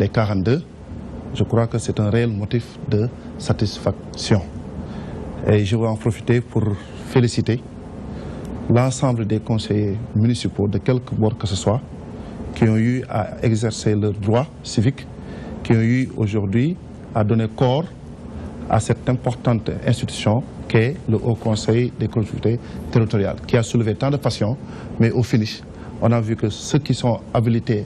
les 42, je crois que c'est un réel motif de satisfaction. Et je veux en profiter pour féliciter l'ensemble des conseillers municipaux de quelque bord que ce soit qui ont eu à exercer leurs droit civique, qui ont eu aujourd'hui à donner corps à cette importante institution qu'est le Haut Conseil des collectivités territoriales, qui a soulevé tant de passions, mais au finish, on a vu que ceux qui sont habilités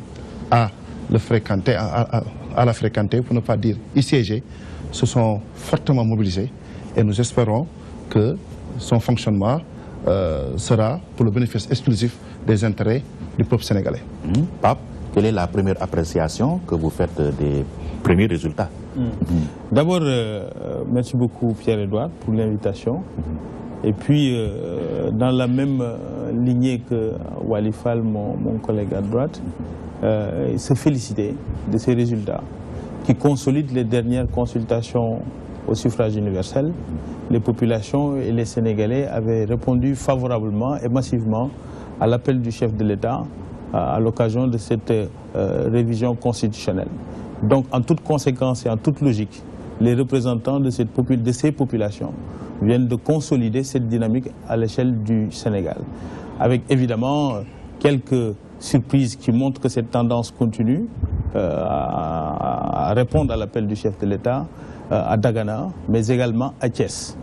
à le fréquenter, à, la fréquenter, pour ne pas dire j'ai, se sont fortement mobilisés et nous espérons que son fonctionnement euh, sera pour le bénéfice exclusif des intérêts du peuple sénégalais. Hmm. Pape, quelle est la première appréciation que vous faites des premiers résultats hmm. Hmm. D'abord, euh, euh, merci beaucoup Pierre-Edouard pour l'invitation. Et puis, dans la même lignée que Walifal, mon collègue à droite, euh, se féliciter de ces résultats qui consolident les dernières consultations au suffrage universel. Les populations et les Sénégalais avaient répondu favorablement et massivement à l'appel du chef de l'État à, l'occasion de cette euh, révision constitutionnelle. Donc en toute conséquence et en toute logique, les représentants de, de ces populations viennent de consolider cette dynamique à l'échelle du Sénégal. Avec évidemment quelques surprise qui montre que cette tendance continue euh, à, répondre à l'appel du chef de l'État euh, à Dagana, mais également à Thiès.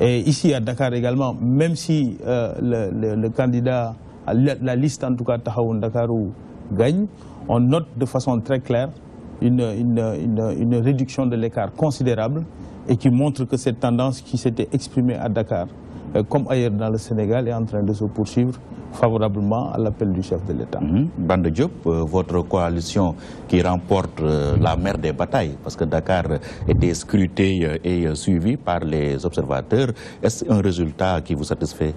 Et ici à Dakar également, même si euh, le, candidat, la, la, liste en tout cas Tahaoun Dakarou gagne, on note de façon très claire une réduction de l'écart considérable et qui montre que cette tendance qui s'était exprimée à Dakar, comme ailleurs dans le Sénégal, est en train de se poursuivre favorablement à l'appel du chef de l'État. Mmh. Bande Diop, euh, votre coalition qui remporte euh, la mer des batailles, parce que Dakar était scruté euh, et suivi par les observateurs, est-ce un résultat qui vous satisfait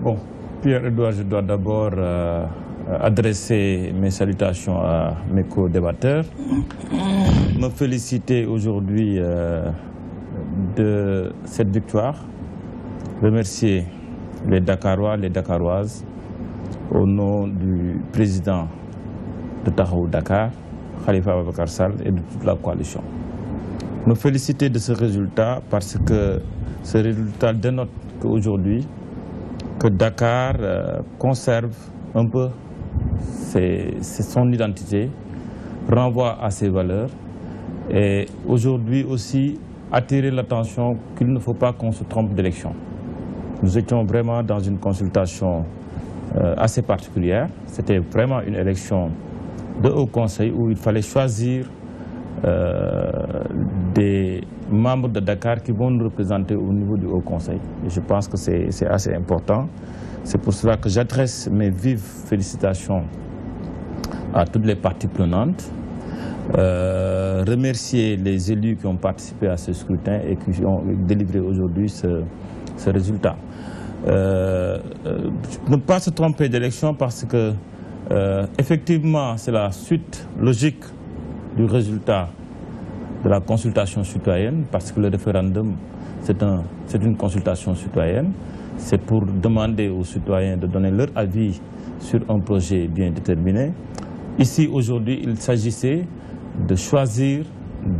Bon, Pierre-Edouard, je dois d'abord adresser mes salutations à mes co-débatteurs, mhm. me féliciter aujourd'hui de cette victoire, remercier les Dakarois, les Dakaroises, au nom du président de Tahaou Dakar, Khalifa Abakarsal, et de toute la coalition. Nous féliciter de ce résultat parce que ce résultat dénote qu'aujourd'hui, que Dakar euh, conserve un peu son identité, renvoie à ses valeurs et aujourd'hui aussi attirer l'attention qu'il ne faut pas qu'on se trompe d'élection. Nous étions vraiment dans une consultation euh, assez particulière. C'était vraiment une élection de haut conseil où il fallait choisir euh, des membres de Dakar qui vont nous représenter au niveau du Haut Conseil. je pense que c'est assez important. C'est pour cela que j'adresse mes vives félicitations à toutes les parties prenantes. Euh, remercier les élus qui ont participé à ce scrutin et qui ont délivré aujourd'hui ce résultat. Euh, euh, ne pas se tromper d'élection parce que, euh, effectivement, c'est la suite logique du résultat de la consultation citoyenne, parce que le référendum, c'est un, une consultation citoyenne. C'est pour demander aux citoyens de donner leur avis sur un projet bien déterminé. Ici, aujourd'hui, il s'agissait de choisir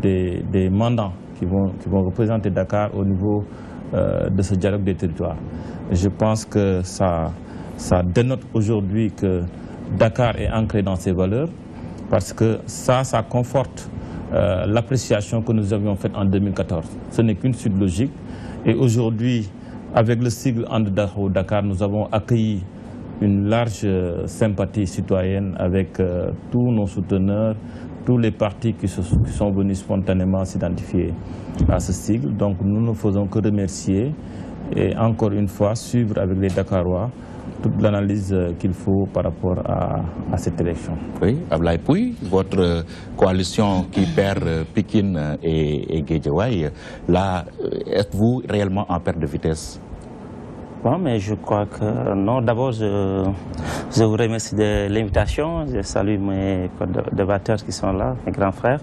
des, des mandants qui vont, qui vont représenter Dakar au niveau euh, de ce dialogue des territoires. Je pense que ça, ça dénote aujourd'hui que Dakar est ancré dans ses valeurs parce que ça, ça conforte euh, l'appréciation que nous avions faite en 2014. Ce n'est qu'une suite logique. Et aujourd'hui, avec le sigle Andedaro Dakar, nous avons accueilli une large euh, sympathie citoyenne avec tous nos souteneurs, tous les partis qui, sont venus spontanément s'identifier à ce sigle. Donc nous ne faisons que remercier et encore une fois suivre avec les Dakarois toute l'analyse euh, qu'il faut par rapport à, cette élection. Oui, et puis votre euh, coalition qui perd euh, Pékin et, et là, êtes-vous réellement en perte de vitesse mais je crois que non. D'abord, je, je, vous remercie de l'invitation. Je salue mes débatteurs qui sont là, mes grands frères.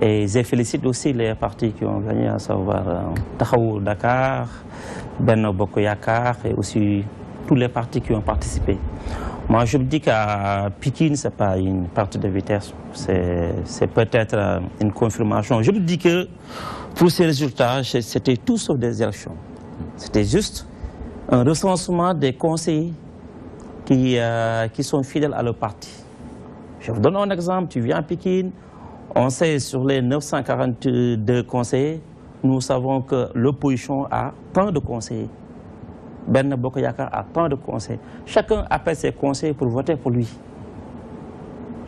Et je félicite aussi les partis qui ont gagné, à savoir euh, Tahaou Dakar, Benno yakar et aussi tous les partis qui ont participé. Moi, je me dis qu'à Pékin, ce n'est pas une partie de vitesse, c'est peut-être euh, une confirmation. Je me dis que pour ces résultats, c'était tout sauf des élections. C'était juste un recensement des conseillers qui, euh, qui sont fidèles à leur parti. Je vous donne un exemple, tu viens à Pékin, on sait sur les 942 conseillers, nous savons que l'opposition a tant de conseillers. Ben Bokoyaka a tant de conseillers. Chacun appelle ses conseillers pour voter pour lui.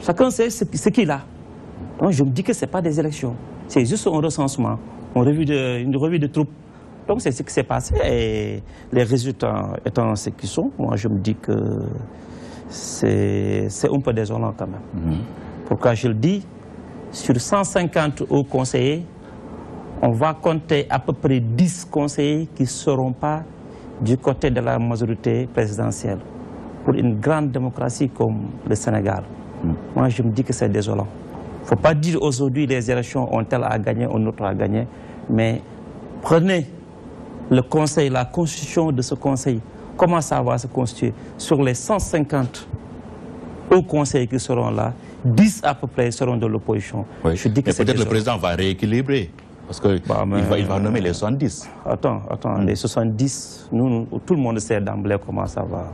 Chacun sait ce qu'il a. je me dis que ce n'est pas des élections, c'est juste un recensement, une revue de, une revue de troupes. Donc c'est ce qui s'est passé et les résultats étant ceux qui sont, moi je me dis que c'est un peu désolant quand même. Mhm. Pourquoi je le dis Sur 150 hauts conseillers, on va compter à peu près 10 conseillers qui ne seront pas du côté de la majorité présidentielle pour une grande démocratie comme le Sénégal. Mhm. Moi, je me dis que c'est désolant. Il ne faut pas dire aujourd'hui les élections ont elles à gagner, ou autre à gagner, mais prenez le conseil, la constitution de ce conseil, comment ça va se constituer Sur les 150 hauts conseils qui seront là, 10 à peu près seront de l'opposition. Oui. Je que peut-être le président va rééquilibrer. Parce qu'il bah, va, il va nommer les 70. Attends, attends, hmm. les 70, nous, tout le monde sait d'emblée comment ça va,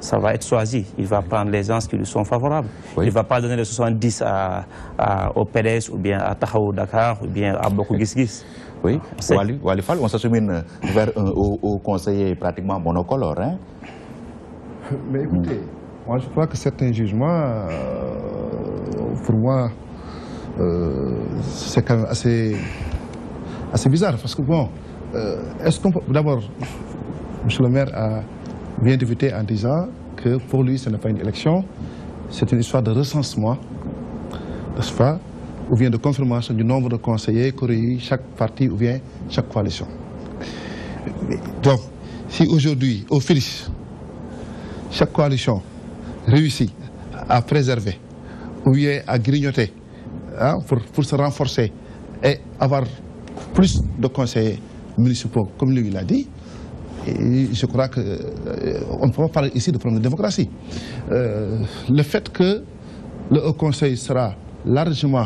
ça va être choisi. Il va prendre les gens qui lui sont favorables. Il ne va pas donner les 70 à, au PDS ou bien à Tahao Dakar ou bien à -Gis. Oui, Wali, on s'achemine vers un conseiller pratiquement monocolore. Hein? Mais écoutez, moi je crois que certains jugements, euh, pour moi, euh, c'est quand même assez, assez bizarre. Parce que bon, euh, est-ce qu'on peut... D'abord, M. le maire a bien débuté en disant que pour lui, ce n'est pas une élection, c'est une histoire de recensement, n'est-ce pas ou vient de confirmation du nombre de conseillers qu'aurait eu chaque parti ou bien chaque coalition. Donc, si aujourd'hui, au Félix, chaque coalition réussit à préserver ou bien à grignoter hein, pour, se renforcer et avoir plus de conseillers municipaux, comme lui l'a dit, et je crois qu'on euh, on ne peut pas parler ici de problème de démocratie. Euh, le fait que le Haut Conseil sera largement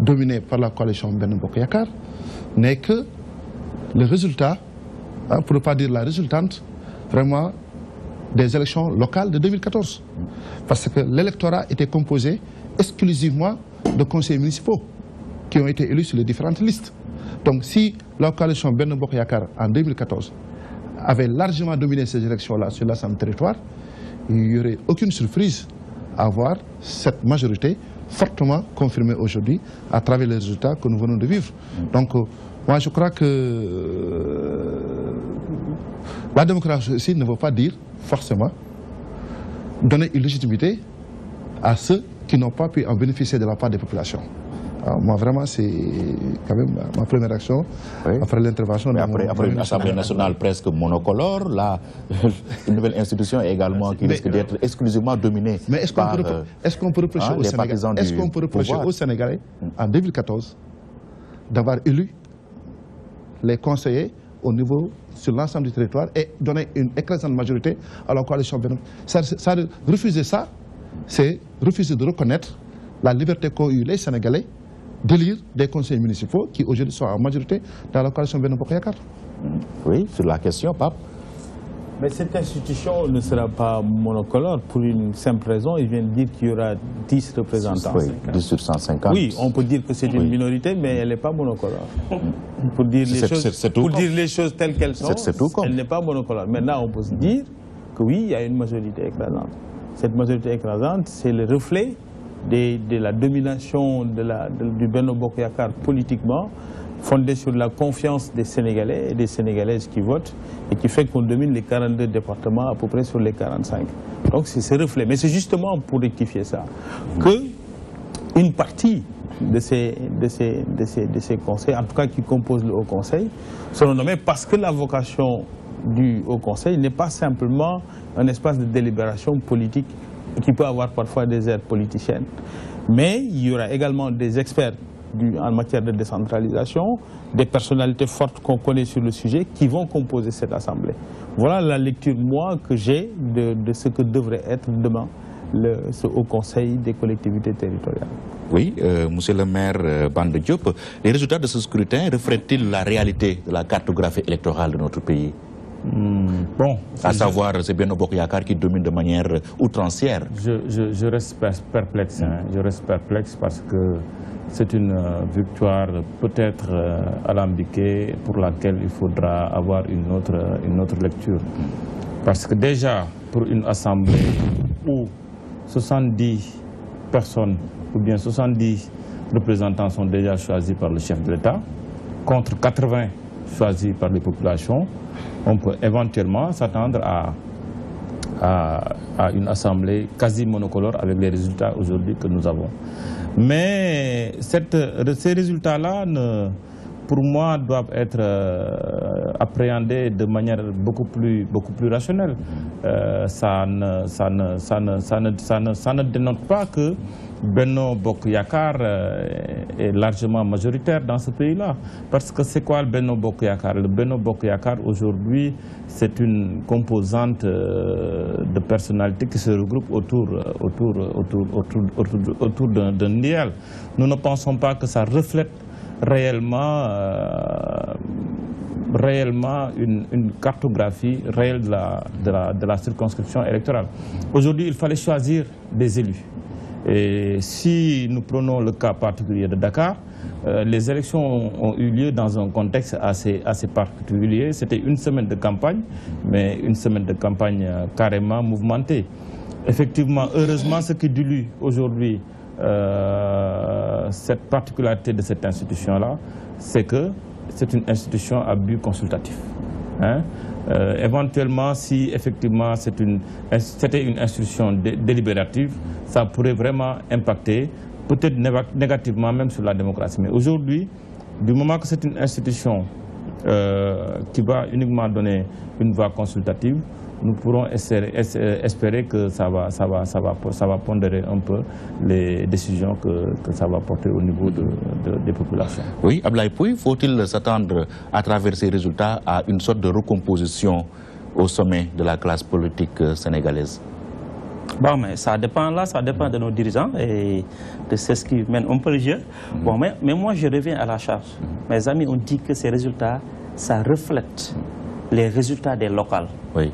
dominée par la coalition Ben Yakar, n'est que le résultat, hein, pour ne pas dire la résultante, vraiment des élections locales de 2014. Parce que l'électorat était composé exclusivement de conseillers municipaux qui ont été élus sur les différentes listes. Donc si la coalition Ben Yakar en 2014 avait largement dominé ces élections-là sur l'ensemble territoire, il n'y aurait aucune surprise à voir cette majorité fortement confirmé aujourd'hui à travers les résultats que nous venons de vivre. Mm. Donc, euh, moi, je crois que euh, la démocratie ne veut pas dire forcément donner une légitimité à ceux qui n'ont pas pu en bénéficier de la part des populations. Ah, moi, vraiment, c'est quand même ma première action après l'intervention. Après, après une Assemblée nationale presque monocolore, là, une nouvelle institution également qui risque d'être exclusivement dominée mais est euh, Est-ce qu'on peut reprocher, hein, au, aux Sénégalais, en 2014, d'avoir élu les conseillers au niveau sur l'ensemble du territoire et donner une écrasante majorité à la coalition refuser ça, c'est refuser de reconnaître la liberté qu'ont eu les Sénégalais d'élire des conseils municipaux qui aujourd'hui sont en majorité dans la coalition Benoît Oui, sur la question, Pape. Mais cette institution ne sera pas monocolore pour une simple raison. Ils viennent dire qu'il y aura 10 représentants. Oui, 10 sur 150. Oui, on peut dire que c'est une minorité, mais elle n'est pas monocolore. Mm. Pour dire, les choses, pour dire les choses telles qu'elles sont, elle n'est pas monocolore. Maintenant, on peut se dire que oui, il y a une majorité écrasante. Cette majorité écrasante, c'est le reflet de la domination de la, du Beno Bokoyakar politiquement, fondée sur la confiance des Sénégalais et des Sénégalaises qui votent, et qui fait qu'on domine les 42 départements à peu près sur les 45. Donc c'est ce reflet. Mais c'est justement pour rectifier ça que une partie de ces, de, ces, de, ces, de ces conseils, en tout cas qui composent le Haut Conseil, sont nommés parce que la vocation du Haut Conseil n'est pas simplement un espace de délibération politique qui peut avoir parfois des aires politiciennes. Mais il y aura également des experts en matière de décentralisation, des personnalités fortes qu'on connaît sur le sujet qui vont composer cette assemblée. Voilà la lecture, moi, que j'ai de, ce que devrait être demain le, ce Haut Conseil des collectivités territoriales. Oui, euh, monsieur le maire euh, Bande Diop, les résultats de ce scrutin reflètent-ils la réalité de la cartographie électorale de notre pays Hmm. Bon, à savoir, c'est bien au qui domine de manière outrancière. Je, reste perplexe. Hein. Je reste perplexe parce que c'est une euh, victoire peut-être euh, alambiquée pour laquelle il faudra avoir une autre, euh, une autre lecture. Parce que déjà, pour une assemblée où 70 personnes ou bien 70 représentants sont déjà choisis par le chef de l'État, contre 80 choisis par les populations, on peut éventuellement s'attendre à, à, une assemblée quasi monocolore avec les résultats aujourd'hui que nous avons. Mais ces résultats-là, pour moi, doivent être euh, appréhendés de manière beaucoup plus, beaucoup plus rationnelle. Euh, ça, ne, ça, ne, ça, ne, ça, ne, dénote pas que Beno Bok euh, est largement majoritaire dans ce pays-là. Parce que c'est quoi le Beno Bok Le Beno Bok aujourd'hui, c'est une composante euh, de personnalité qui se regroupe autour, euh, autour, autour, d'un Niel. Nous ne pensons pas que ça reflète réellement, réellement une, cartographie réelle de la circonscription électorale. Aujourd'hui, il fallait choisir des élus. Et si nous prenons le cas particulier de Dakar, euh, les élections ont eu lieu dans un contexte assez, assez particulier. C'était une semaine de campagne, mais une semaine de campagne euh, carrément mouvementée. Effectivement, heureusement, ce qui dilue aujourd'hui euh, cette particularité de cette institution-là, c'est que c'est une institution à but consultatif. Hein. Euh, éventuellement, si effectivement c'était une, institution délibérative, ça pourrait vraiment impacter, peut-être négativement même sur la démocratie. Mais aujourd'hui, du moment que c'est une institution euh, qui va uniquement donner une voie consultative, nous pourrons euh, espérer, que ça va, pondérer un peu les décisions que, ça va porter au niveau des populations. Oui, Ablaï faut-il s'attendre à travers ces résultats à une sorte de recomposition au sommet de la classe politique euh, sénégalaise Bon, mais ça dépend là, ça dépend de nos dirigeants et de ce qui mène un peu le jeu. Mm-hmm. Bon, mais, mais moi, je reviens à la charge. Mm-hmm. Mes amis ont dit que ces résultats, ça reflète mm-hmm. les résultats des locales. Oui.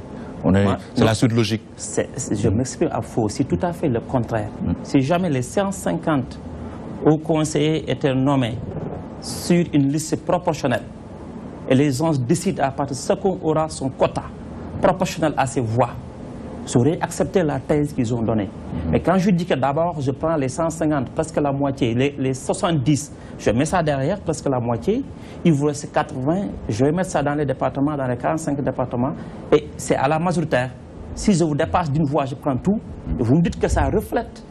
C'est la suite logique. je m'exprime à faux. C'est tout à fait le contraire. Mm. Si jamais les 150 hauts conseillers étaient nommés sur une liste proportionnelle et les gens décident à partir de ce qu'on aura son quota proportionnel à ses voix, sauraient accepter la thèse qu'ils ont donnée. Mais quand je dis que d'abord, je prends les 150, presque la moitié, les, 70, je mets ça derrière, presque la moitié, il vous reste 80, je vais mettre ça dans les départements, dans les 45 départements, et c'est à la majoritaire. Si je vous dépasse d'une voix, je prends tout, vous me dites que ça reflète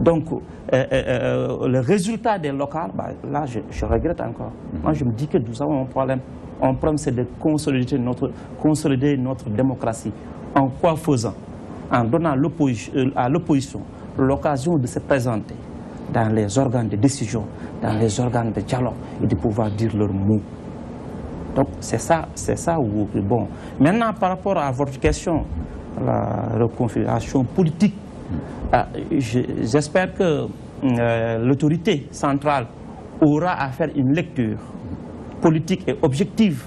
donc, euh, euh, euh, le résultat des locales, bah, là, je, regrette encore. Moi, je me dis que nous avons un problème. Un problème, c'est de consolider notre, consolider notre démocratie en quoi faisant En donnant euh, à l'opposition l'occasion de se présenter dans les organes de décision, dans les organes de dialogue et de pouvoir dire leurs mots. Donc c'est ça, c'est ça où... Bon, maintenant par rapport à votre question, la reconfiguration politique, ah, j'espère que euh, l'autorité centrale aura à faire une lecture politique et objective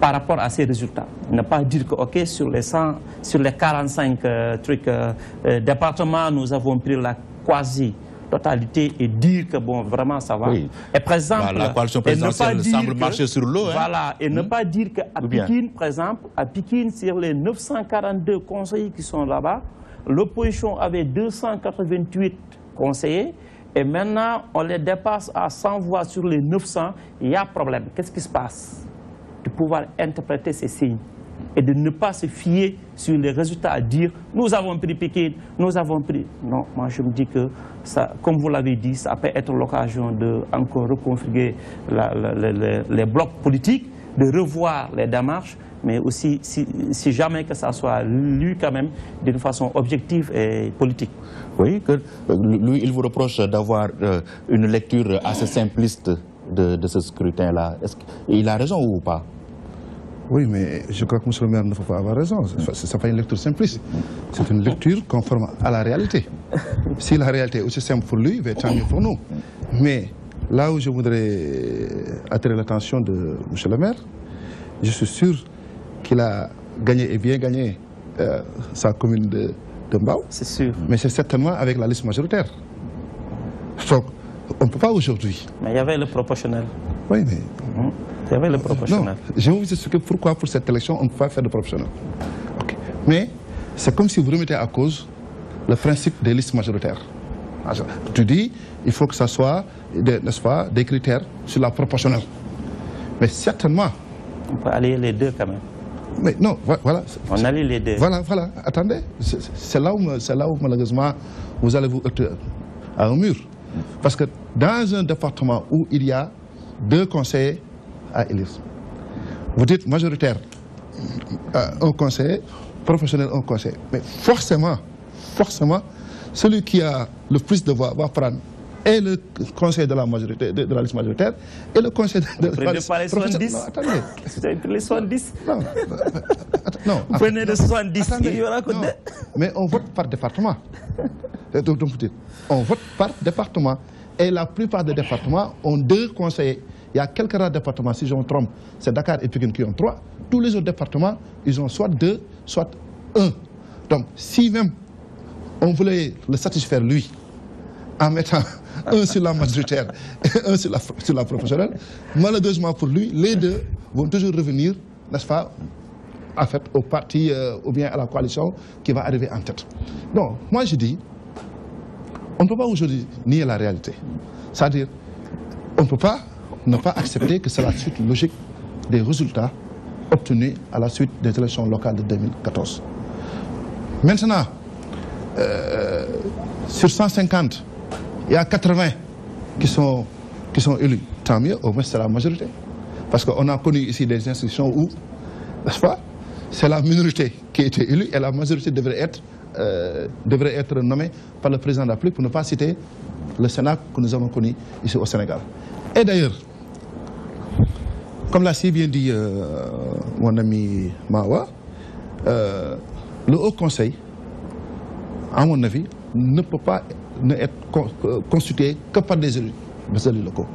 par rapport à ces résultats. Ne pas dire que, OK, sur les, 100, sur les 45 euh, trucs, euh, euh, départements, nous avons pris la quasi totalité et dire que, bon, vraiment, ça va. Et par bah, la semble marcher sur l'eau. Hein. et ne hmm. pas dire qu'à Pékin, par exemple, à Pékin, sur les 942 conseillers qui sont là-bas, l'opposition avait 288 conseillers et maintenant, on les dépasse à 100 voix sur les 900, il y a problème. Qu'est-ce qui se passe pouvoir interpréter ces signes et de ne pas se fier sur les résultats à dire nous avons pris Pékin, nous avons pris. Non, moi je me dis que, ça, comme vous l'avez dit, ça peut être l'occasion de encore reconfigurer les blocs politiques, de revoir les démarches, mais aussi si, jamais que ça soit lu quand même d'une façon objective et politique. Oui, que, euh, lui, il vous reproche d'avoir euh, une lecture assez simpliste de, de ce scrutin-là. Il a raison ou pas oui, mais je crois que M. le maire ne faut pas avoir raison. Ce n'est pas une lecture simpliste. C'est une lecture conforme à la réalité. Si la réalité est aussi simple pour lui, bien, tant mieux pour nous. Mais là où je voudrais euh, attirer l'attention de M. le maire, je suis sûr qu'il a gagné et bien gagné euh, sa commune de, de Mbao. C'est sûr. Mais c'est certainement avec la liste majoritaire. Donc, on ne peut pas aujourd'hui. Mais il y avait le proportionnel. Oui, mais... Mhm. Il y avait le proportionnel. Non, je vais vous expliquer pourquoi pour cette élection, on ne peut pas faire de proportionnel. Mais c'est comme si vous remettez à cause le principe des listes majoritaires. Ah, tu dis, il faut que ça soit, n'est-ce pas, des critères sur la proportionnelle. Mais certainement... On peut allier les deux quand même. Mais non, voilà. On allie les deux. Voilà, voilà. Attendez, c'est là, où, là où malheureusement vous allez vous heurter à un mur. Parce que dans un département où il y a deux conseils à élire, vous dites majoritaire, euh, un conseil, professionnel, un conseil, Mais forcément, forcément, celui qui a le plus de voix va prendre et le conseil de la majorité, de, la liste majoritaire, et le conseil de, la liste... Vous prenez les 70 Non, attendez. Vous 70 Non, Vous prenez les 70 il y Mais on vote par département. Donc, on vote par département. Et la plupart des départements ont deux conseillers. Il y a quelques rares départements, si je me trompe, c'est Dakar et Pékin qui ont trois. Tous les autres départements, ils ont soit deux, soit un. Donc, si même on voulait le satisfaire, lui, en mettant un sur la majoritaire et un sur la, sur la professionnelle, malheureusement pour lui, les deux vont toujours revenir, n'est-ce pas, en fait, au parti euh, ou bien à la coalition qui va arriver en tête. Donc, moi je dis, on ne peut pas aujourd'hui nier la réalité. C'est-à-dire, on ne peut pas ne pas accepter que c'est la suite logique des résultats obtenus à la suite des élections locales de 2014. Maintenant, euh, sur 150 il y a 80 qui sont, qui sont élus. Tant mieux, au moins c'est la majorité. Parce qu'on a connu ici des institutions où, n'est-ce pas, c'est la minorité qui a été élue et la majorité devrait être, euh, devrait être nommée par le président de la République pour ne pas citer le Sénat que nous avons connu ici au Sénégal. Et d'ailleurs, comme l'a si bien dit euh, mon ami Mawa, euh, le Haut Conseil, à mon avis, ne peut pas ne être euh, constitué que par des élus, locaux.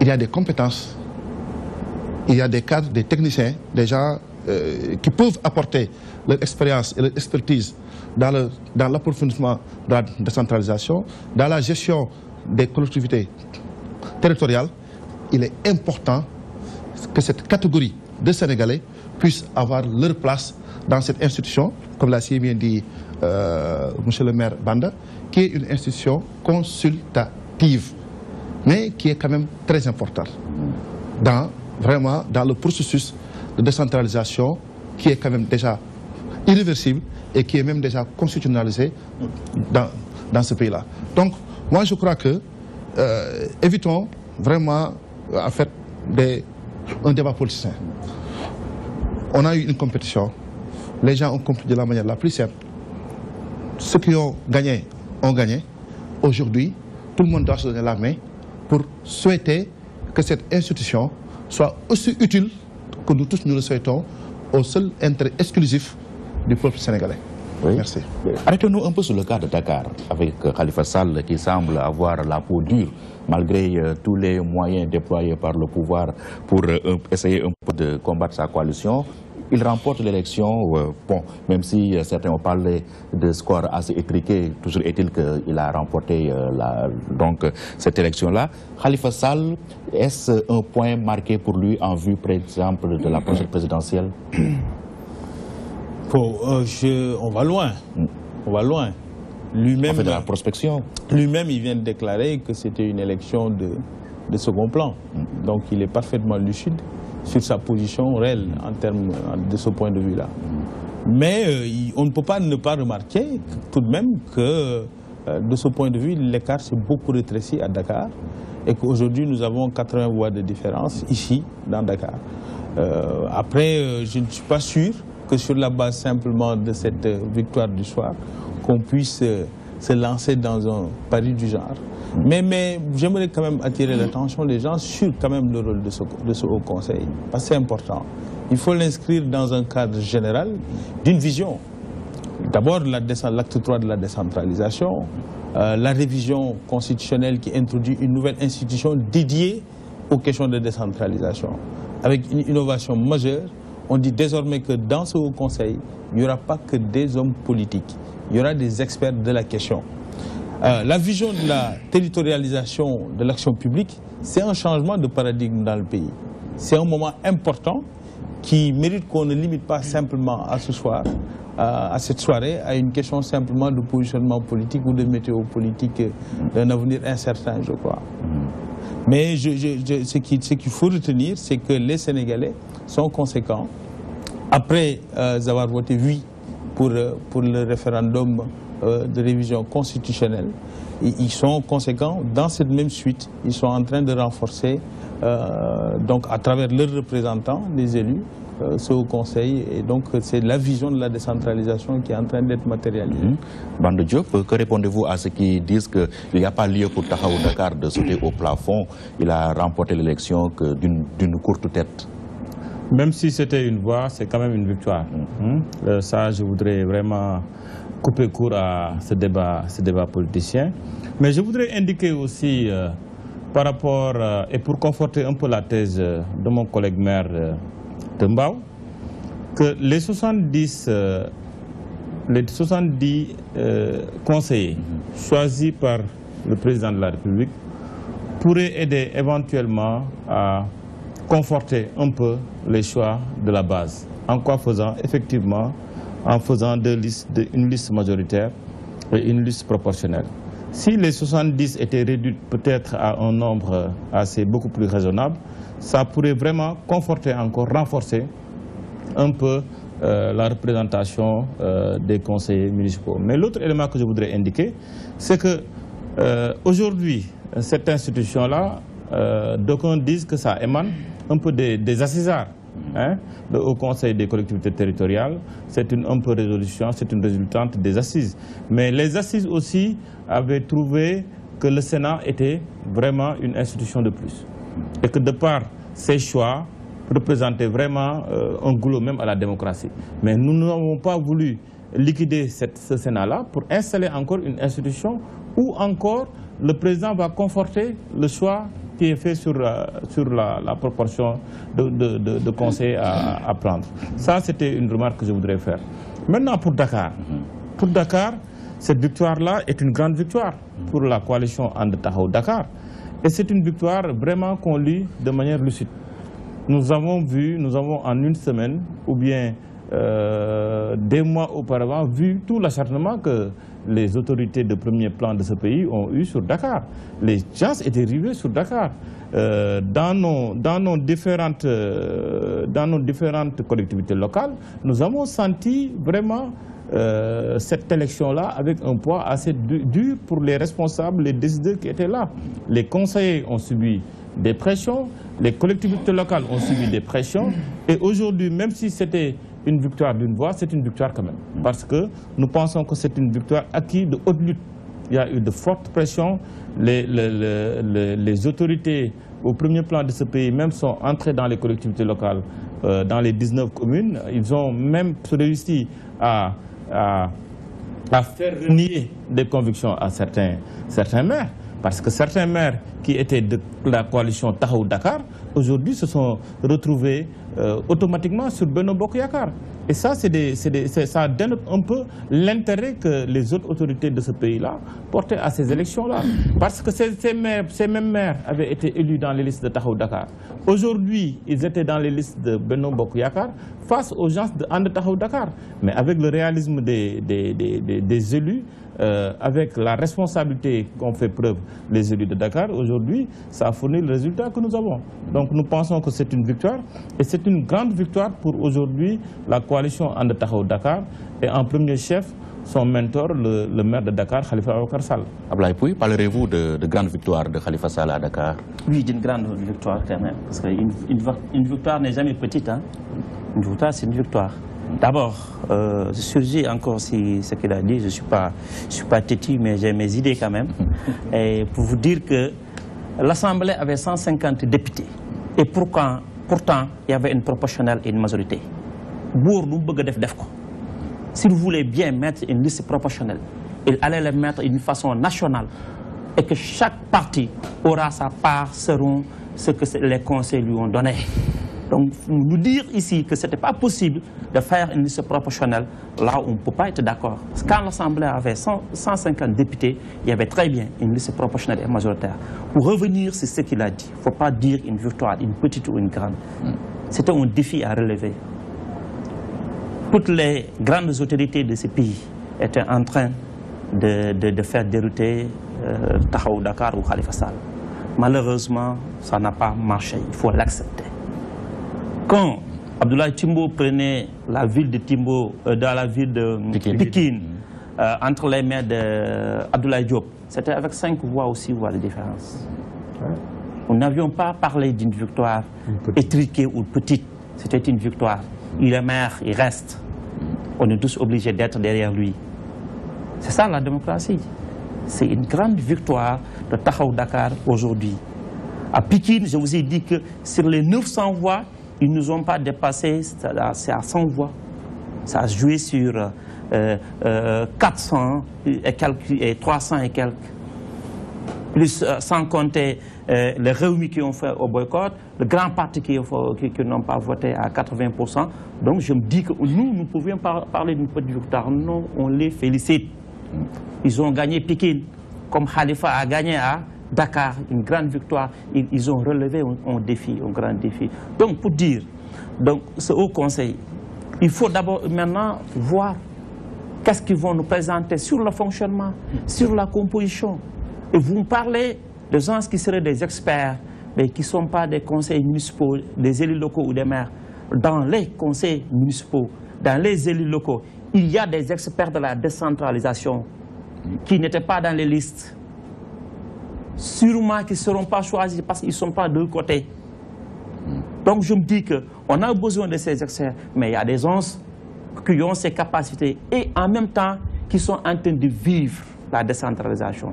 Il y a des compétences, il y a des cadres, des techniciens, des gens euh, qui peuvent apporter leur expérience et leur expertise dans l'approfondissement de la décentralisation, dans la gestion des collectivités territoriales. Il est important que cette catégorie de Sénégalais puisse avoir leur place dans cette institution, comme l'a si bien dit euh, monsieur le maire Banda, qui est une institution consultative, mais qui est quand même très importante dans, vraiment, dans le processus de décentralisation qui est quand même déjà irréversible et qui est même déjà constitutionnalisé dans, ce pays-là. Donc, moi, je crois que euh, évitons vraiment à euh, faire un débat politicien. On a eu une compétition. Les gens ont compris de la manière la plus simple ceux qui ont gagné ont gagné. Aujourd'hui, tout le monde doit se donner la main pour souhaiter que cette institution soit aussi utile que nous tous nous le souhaitons au seul intérêt exclusif du peuple sénégalais. Merci. Arrêtons-nous un peu sur le cas de Dakar, avec euh, Khalifa Sall qui semble avoir la peau dure, malgré euh, tous les moyens déployés par le pouvoir pour euh, essayer un peu de combattre sa coalition. Il remporte l'élection, euh, bon, même si euh, certains ont parlé de score assez étriqué, toujours est-il qu'il a remporté euh, donc, cette élection-là. Khalifa Sall, est-ce un point marqué pour lui en vue, par exemple, de la prochaine présidentielle bon, On va loin, hmm. on va loin. Lui-même, fait, de la prospection. Lui-même, il vient de déclarer que c'était une élection de second plan. Hmm. Donc, il est parfaitement lucide sur sa position réelle en termes de ce point de vue-là. Mais euh, on ne peut pas ne pas remarquer tout de même que euh, de ce point de vue, l'écart s'est beaucoup rétréci à Dakar et qu'aujourd'hui nous avons 80 voix de différence ici, dans Dakar. Euh, après, je ne suis pas sûr que sur la base simplement de cette victoire du soir, qu'on puisse se lancer dans un pari du genre. Mais, mais j'aimerais quand même attirer l'attention des gens sur quand même le rôle de ce, Haut Conseil, parce que c'est important. Il faut l'inscrire dans un cadre général d'une vision. D'abord, l'acte 3 de la décentralisation, euh, la révision constitutionnelle qui introduit une nouvelle institution dédiée aux questions de décentralisation. Avec une innovation majeure, on dit désormais que dans ce Haut Conseil, il n'y aura pas que des hommes politiques, il y aura des experts de la question. Euh, la vision de la territorialisation de l'action publique, c'est un changement de paradigme dans le pays. C'est un moment important qui mérite qu'on ne limite pas simplement à ce soir, euh, à cette soirée, à une question simplement de positionnement politique ou de météo politique euh, d'un avenir incertain, je crois. Mais je, ce qu'il faut retenir, c'est que les Sénégalais sont conséquents. Après avoir voté oui pour le référendum euh, de révision constitutionnelle. ils sont conséquents. Dans cette même suite, ils sont en train de renforcer, euh, donc à travers leurs représentants, les élus, euh, ce conseil. Et donc, c'est la vision de la décentralisation qui est en train d'être matérialisée. Mmh. que répondez-vous à ceux qui disent qu'il n'y a pas lieu pour Tahaou Dakar de sauter au plafond Il a remporté l'élection d'une courte tête même si c'était une voix, c'est quand même une victoire. Mhm. Mhm. ça, je voudrais vraiment couper court à ce débat, politicien. Mais je voudrais indiquer aussi, euh, par rapport, euh, et pour conforter un peu la thèse euh, de mon collègue maire de que les 70, les 70 conseillers choisis par le président de la République pourraient aider éventuellement à conforter un peu les choix de la base, en quoi faisant effectivement en faisant une liste majoritaire et une liste proportionnelle. Si les 70 étaient réduits peut-être à un nombre assez beaucoup plus raisonnable, ça pourrait vraiment conforter encore, renforcer un peu euh, la représentation euh, des conseillers municipaux. Mais l'autre élément que je voudrais indiquer, c'est que euh, aujourd'hui, cette institution-là, d'aucuns disent que ça émane un peu des, des assisards hein, le Haut Conseil des collectivités territoriales. C'est une un peu résolution, c'est une résultante des assises. Mais les assises aussi avaient trouvé que le Sénat était vraiment une institution de plus. Et que de par ses choix, représentait vraiment euh, un goulot même à la démocratie. Mais nous n'avons pas voulu liquider ce Sénat-là pour installer encore une institution où encore le président va conforter le choix qui est fait sur, euh, sur la, proportion de, conseils à, prendre. Ça, c'était une remarque que je voudrais faire. Maintenant, pour Dakar. Mhm. Pour Dakar, cette victoire-là est une grande victoire pour la coalition au Dakar. Et c'est une victoire vraiment qu'on lit de manière lucide. Nous avons vu, nous avons en une semaine, ou bien euh, euh, des mois auparavant, vu tout l'acharnement que les autorités de premier plan de ce pays ont eu sur Dakar. Les chances étaient rivés sur Dakar. Euh, dans, nos, dans, nos différentes, euh, dans nos différentes collectivités locales, nous avons senti vraiment cette élection-là avec un poids assez dur pour les responsables, les décideurs qui étaient là. Les conseillers ont subi des pressions, les collectivités locales ont subi des pressions, et aujourd'hui, même si c'était une victoire d'une voix, c'est une victoire quand même. Parce que nous pensons que c'est une victoire acquise de haute lutte. Il y a eu de fortes pressions. Les, autorités au premier plan de ce pays même sont entrées dans les collectivités locales, euh, dans les 19 communes. Ils ont même réussi à, faire renier des convictions à certains, maires. Parce que certains maires qui étaient de la coalition Tahou-Dakar aujourd'hui se sont retrouvés euh, automatiquement sur Beno Yakar. Et ça, ça donne un peu l'intérêt que les autres autorités de ce pays-là portaient à ces élections-là. Parce que ces, mêmes maires avaient été élus dans les listes de Tahou Dakar. Aujourd'hui, ils étaient dans les listes de Beno Yakar face aux gens de Ande Tahou Dakar. Mais avec le réalisme des élus, euh, avec la responsabilité qu'ont fait preuve les élus de Dakar, aujourd'hui, ça a fourni le résultat que nous avons. Donc nous pensons que c'est une victoire et c'est une grande victoire pour aujourd'hui la coalition Andetahao Dakar et en premier chef son mentor, le, maire de Dakar, Khalifa Aoukar Sall. Ablaï parlerez-vous de, grande victoire de Khalifa Sall à Dakar Oui, d'une grande victoire quand même. Parce qu'une une, victoire n'est jamais petite. Hein. Une victoire, c'est une victoire. D'abord, euh, je surgit encore si, ce qu'il a dit, je ne suis pas, je têtu, mais j'ai mes idées quand même. Et pour vous dire que l'Assemblée avait 150 députés. Et pourquoi, pourtant, il y avait une proportionnelle et une majorité. S'il voulait bien mettre une liste proportionnelle, il allait la mettre d'une façon nationale et que chaque parti aura sa part selon ce que les conseils lui ont donné. Donc, nous dire ici que ce n'était pas possible de faire une liste proportionnelle, là, on ne peut pas être d'accord. quand l'Assemblée avait 150 députés, il y avait très bien une liste proportionnelle et majoritaire. Pour revenir sur ce qu'il a dit, il ne faut pas dire une victoire, une petite ou une grande. C'était un défi à relever. Toutes les grandes autorités de ces pays étaient en train de, faire dérouter euh, Dakar ou Khalifa Sall. Malheureusement, ça n'a pas marché. Il faut l'accepter. Quand Abdoulaye Timbo prenait la ville de Timbo, euh, dans la ville de Pikine, mm. euh, entre les mains d'Abdoulaye euh, Diop, c'était avec cinq voix aussi voix de différence. Nous n'avions pas parlé d'une victoire étriquée ou petite. C'était une victoire. Il est maire, il reste. On est tous obligés d'être derrière lui. C'est ça la démocratie. C'est une grande victoire de Tahaou Dakar aujourd'hui. À Pékin, je vous ai dit que sur les 900 voix, ils ne nous ont pas dépassé, c'est à 100 voix. Ça a joué sur 400 euh, euh, euh, et, quelques, 300 et quelques. Plus, sans compter les réunions qui ont fait au boycott, le grand parti qui, qui, n'ont pas voté à 80%. Donc je me dis que nous, nous pouvions pas parler d'une petite victoire. Non, on les félicite. Ils ont gagné Pékin, comme Khalifa a gagné à hein. Dakar, une grande victoire. Ils, ont relevé un, défi, un grand défi. Donc, pour dire, donc, ce Haut Conseil, il faut d'abord maintenant voir qu'est-ce qu'ils vont nous présenter sur le fonctionnement, sur la composition. Et vous me parlez de gens qui seraient des experts, mais qui ne sont pas des conseils municipaux, des élus locaux ou des maires. Dans les conseils municipaux, dans les élus locaux, il y a des experts de la décentralisation qui n'étaient pas dans les listes sûrement qu'ils ne seront pas choisis parce qu'ils ne sont pas de côté. Donc je me dis qu'on a besoin de ces experts, mais il y a des gens qui ont ces capacités et en même temps qui sont en train de vivre la décentralisation.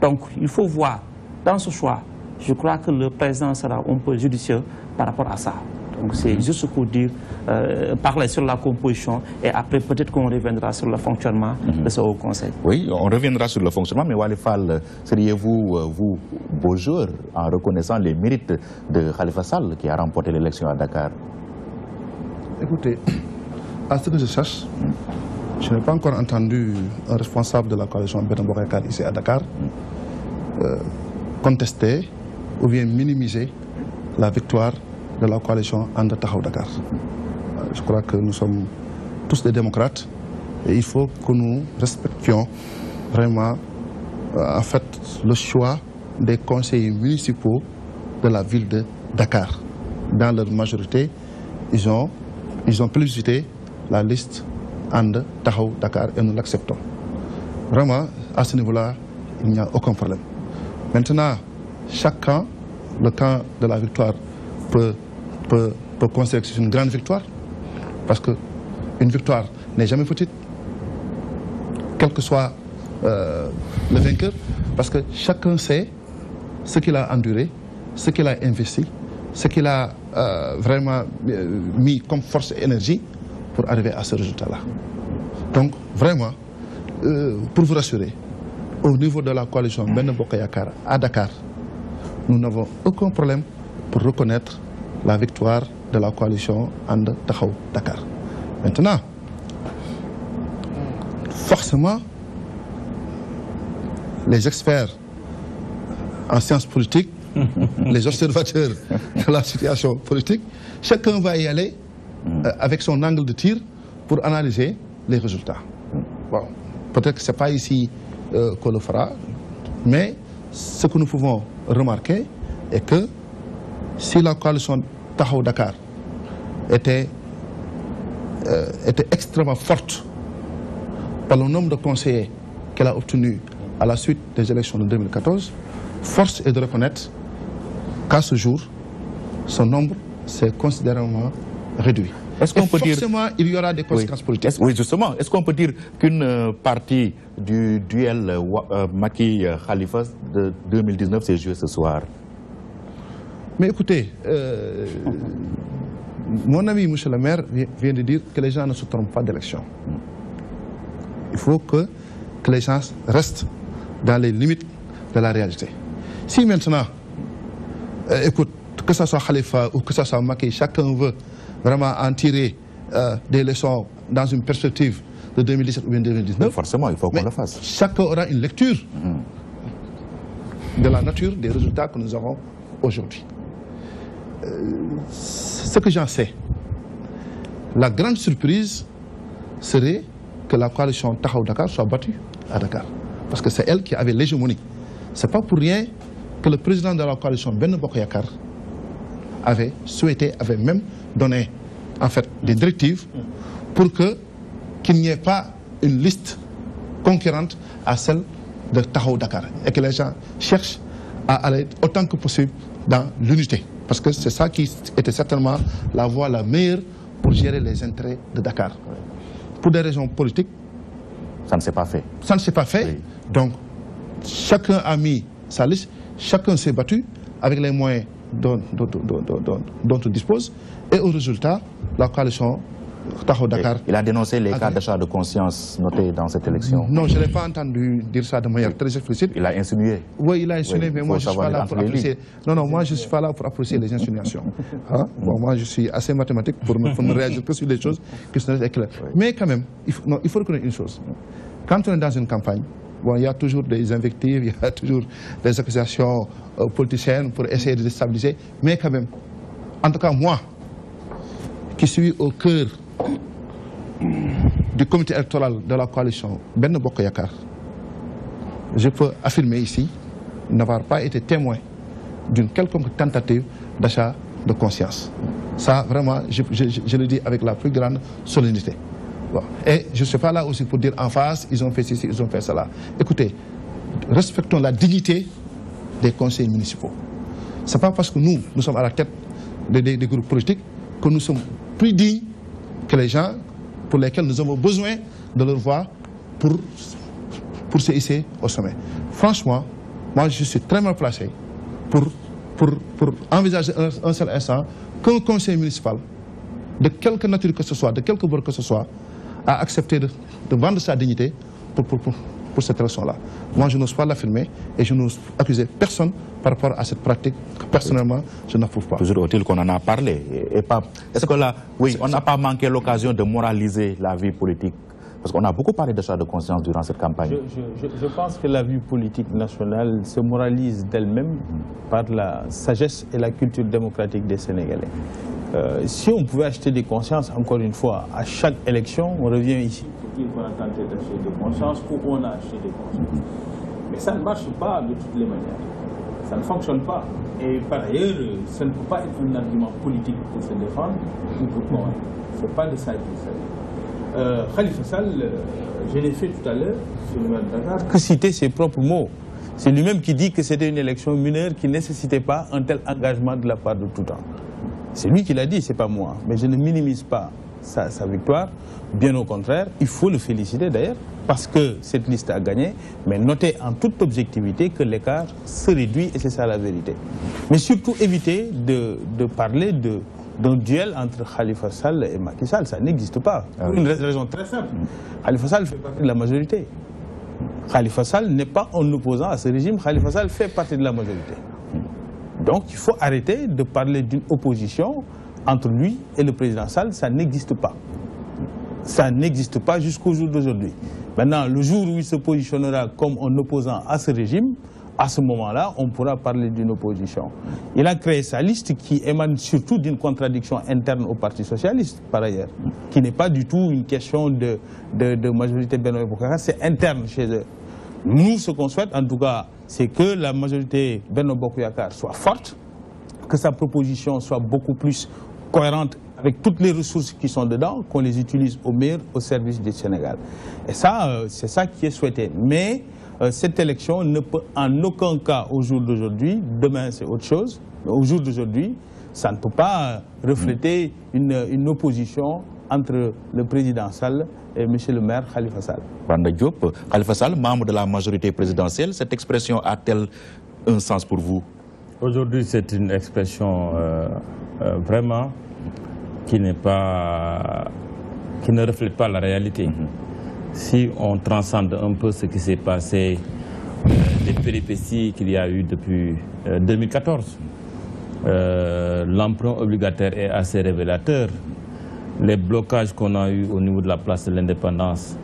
Donc il faut voir dans ce choix, je crois que le président sera un peu judicieux par rapport à ça. Donc c'est juste pour dire, euh, parler sur la composition et après peut-être qu'on reviendra sur le fonctionnement mhm. de ce haut conseil. Oui, on reviendra sur le fonctionnement, mais Walifal, seriez-vous, euh, vous, beau jour en reconnaissant les mérites de Khalifa Sall qui a remporté l'élection à Dakar Écoutez, à ce que je cherche, je n'ai pas encore entendu un responsable de la coalition Bertrand ici à Dakar euh, contester ou bien minimiser la victoire de la coalition ande tahou Dakar. Je crois que nous sommes tous des démocrates et il faut que nous respections vraiment euh, en fait, le choix des conseillers municipaux de la ville de Dakar. Dans leur majorité, ils ont, ils ont la liste Ande, tahou Dakar et nous l'acceptons. Vraiment, à ce niveau-là, il n'y a aucun problème. Maintenant, chacun, le camp de la victoire peut peut, considérer que c'est une grande victoire, parce qu'une victoire n'est jamais petite, quel que soit euh, le vainqueur, parce que chacun sait ce qu'il a enduré, ce qu'il a investi, ce qu'il a euh, vraiment euh, mis comme force et énergie pour arriver à ce résultat-là. Donc, vraiment, pour vous rassurer, au niveau de la coalition Benno à Dakar, nous n'avons aucun problème pour reconnaître la victoire de la coalition And Tahaou Dakar. Maintenant, forcément, les experts en sciences politiques, les observateurs de la situation politique, chacun va y aller euh, avec son angle de tir pour analyser les résultats. peut-être que ce n'est pas ici euh, qu'on le fera, mais ce que nous pouvons remarquer est que si la coalition Dakar était, euh, était extrêmement forte par le nombre de conseillers qu'elle a obtenus à la suite des élections de 2014, force est de reconnaître qu'à ce jour, son nombre s'est considérablement réduit. Est-ce qu'on peut forcément, dire... il y aura des conséquences politiques. Oui, justement. Est-ce qu'on peut dire qu'une euh, partie du duel euh, Maki-Khalifa de 2019 s'est jouée ce soir mais écoutez, euh, mon ami, monsieur le maire, vient de dire que les gens ne se trompent pas d'élection. Il faut que, les gens restent dans les limites de la réalité. Si maintenant, euh, écoute, que ce soit Khalifa ou que ce soit Maki, chacun veut vraiment en tirer euh, des leçons dans une perspective de 2017 ou 2019. forcément, il faut qu'on le fasse. Chacun aura une lecture mm-hmm. de la nature des résultats que nous avons aujourd'hui. Euh, ce que j'en sais, la grande surprise serait que la coalition Tahaou Dakar soit battue à Dakar. Parce que c'est elle qui avait l'hégémonie. C'est pas pour rien que le président de la coalition Ben Yakar avait souhaité, avait même donné en fait des directives pour que qu'il n'y ait pas une liste conquérante à celle de Tahaou Dakar et que les gens cherchent à aller autant que possible dans l'unité. Parce que c'est ça qui était certainement la voie la meilleure pour gérer les intérêts de Dakar. Pour des raisons politiques. Ça ne s'est pas fait. Ça ne s'est pas fait. Donc, chacun a mis sa liste, chacun s'est battu avec les moyens dont, dont, dont, on dispose. Et au résultat, la coalition il a dénoncé les ah, cas d'achat de conscience notés dans cette élection. Non, je n'ai pas entendu dire ça de manière très explicite. Il a insinué. Oui, il a insinué, mais moi je ne suis pas là pour apprécier. Non, non, moi je suis pas là pour apprécier les insinuations. Hein? moi je suis assez mathématique pour me, réagir que sur les choses qui sont claires. Mais quand même, il faut, reconnaître une chose. Quand on est dans une campagne, Bon, il y a toujours des invectives, il y a toujours des accusations euh, politiciennes pour essayer de déstabiliser. Mais quand même, en tout cas moi, qui suis au cœur du comité électoral de la coalition Ben Bokoyakar, je peux affirmer ici n'avoir pas été témoin d'une quelconque tentative d'achat de conscience. Ça, vraiment, je, le dis avec la plus grande solennité. Et je ne suis pas là aussi pour dire en face, ils ont fait ceci, ils ont fait cela. Écoutez, respectons la dignité des conseils municipaux. Ce n'est pas parce que nous, nous sommes à la tête des, des groupes politiques que nous sommes plus dignes que les gens pour lesquels nous avons besoin de leur voix pour, pour se hisser au sommet. Franchement, moi je suis très mal placé pour, envisager un, seul instant qu'un conseil municipal, de quelque nature que ce soit, de quelque bord que ce soit, a accepté de, de vendre sa dignité pour pour cette raison-là. Moi, je n'ose pas l'affirmer et je n'ose accuser personne par rapport à cette pratique personnellement, je n'approuve pas. Toujours est qu'on en a parlé. Et, pas... Est-ce que là, oui, on n'a pas manqué l'occasion de moraliser la vie politique parce qu'on a beaucoup parlé de ça de conscience durant cette campagne. Je, pense que la vie politique nationale se moralise d'elle-même par la sagesse et la culture démocratique des Sénégalais. Euh, si on pouvait acheter des consciences, encore une fois, à chaque élection, on revient ici qu'on a tenter d'acheter de consciences, ou on a acheté des consciences. Mais ça ne marche pas de toutes les manières. Ça ne fonctionne pas. Et par ailleurs, euh, ça ne peut pas être un argument politique pour se défendre ou pour convaincre. Mhm. Ce n'est pas de ça qu'il s'agit. Euh, Khalifa Sall, euh, je l'ai fait tout à l'heure sur le Que citer ses propres mots. C'est lui-même qui dit que c'était une élection mineure qui ne nécessitait pas un tel engagement de la part de tout le temps. C'est lui qui l'a dit, c'est pas moi. Mais je ne minimise pas sa, victoire. Bien au contraire, il faut le féliciter d'ailleurs, parce que cette liste a gagné, mais notez en toute objectivité que l'écart se réduit et c'est ça la vérité. Mais surtout éviter de, de parler de d'un duel entre Khalifa Sall et Macky Sall, ça n'existe pas. Ah pour Une raison très simple. Khalifa Sall fait partie de la majorité. Khalifa Sall n'est pas en opposant à ce régime, Khalifa Sall fait partie de la majorité. Donc il faut arrêter de parler d'une opposition entre lui et le président Sall, ça n'existe pas. Ça n'existe pas jusqu'au jour d'aujourd'hui. Maintenant, le jour où il se positionnera comme un opposant à ce régime, à ce moment-là, on pourra parler d'une opposition. Il a créé sa liste qui émane surtout d'une contradiction interne au Parti Socialiste, par ailleurs, qui n'est pas du tout une question de, majorité Benoît Bokouyakar, c'est interne chez eux. Nous, ce qu'on souhaite, en tout cas, c'est que la majorité Benoît Bokouyakar soit forte, que sa proposition soit beaucoup plus cohérente avec toutes les ressources qui sont dedans, qu'on les utilise au mieux au service du Sénégal. Et ça, euh, c'est ça qui est souhaité. Mais euh, cette élection ne peut en aucun cas, au jour d'aujourd'hui, demain c'est autre chose, mais au jour d'aujourd'hui, ça ne peut pas euh, refléter mm. une, opposition entre le président Sall et M. le maire Khalifa Sall. Banda Diop, Khalifa Sall, membre de la majorité présidentielle, cette expression a-t-elle un sens pour vous Aujourd'hui, c'est une expression euh, vraiment qui n'est pas qui ne reflète pas la réalité. Mhm. Si on transcende un peu ce qui s'est passé, euh, les péripéties qu'il y a eu depuis 2014, euh, l'emprunt obligataire est assez révélateur. Les blocages qu'on a eu au niveau de la place de l'indépendance,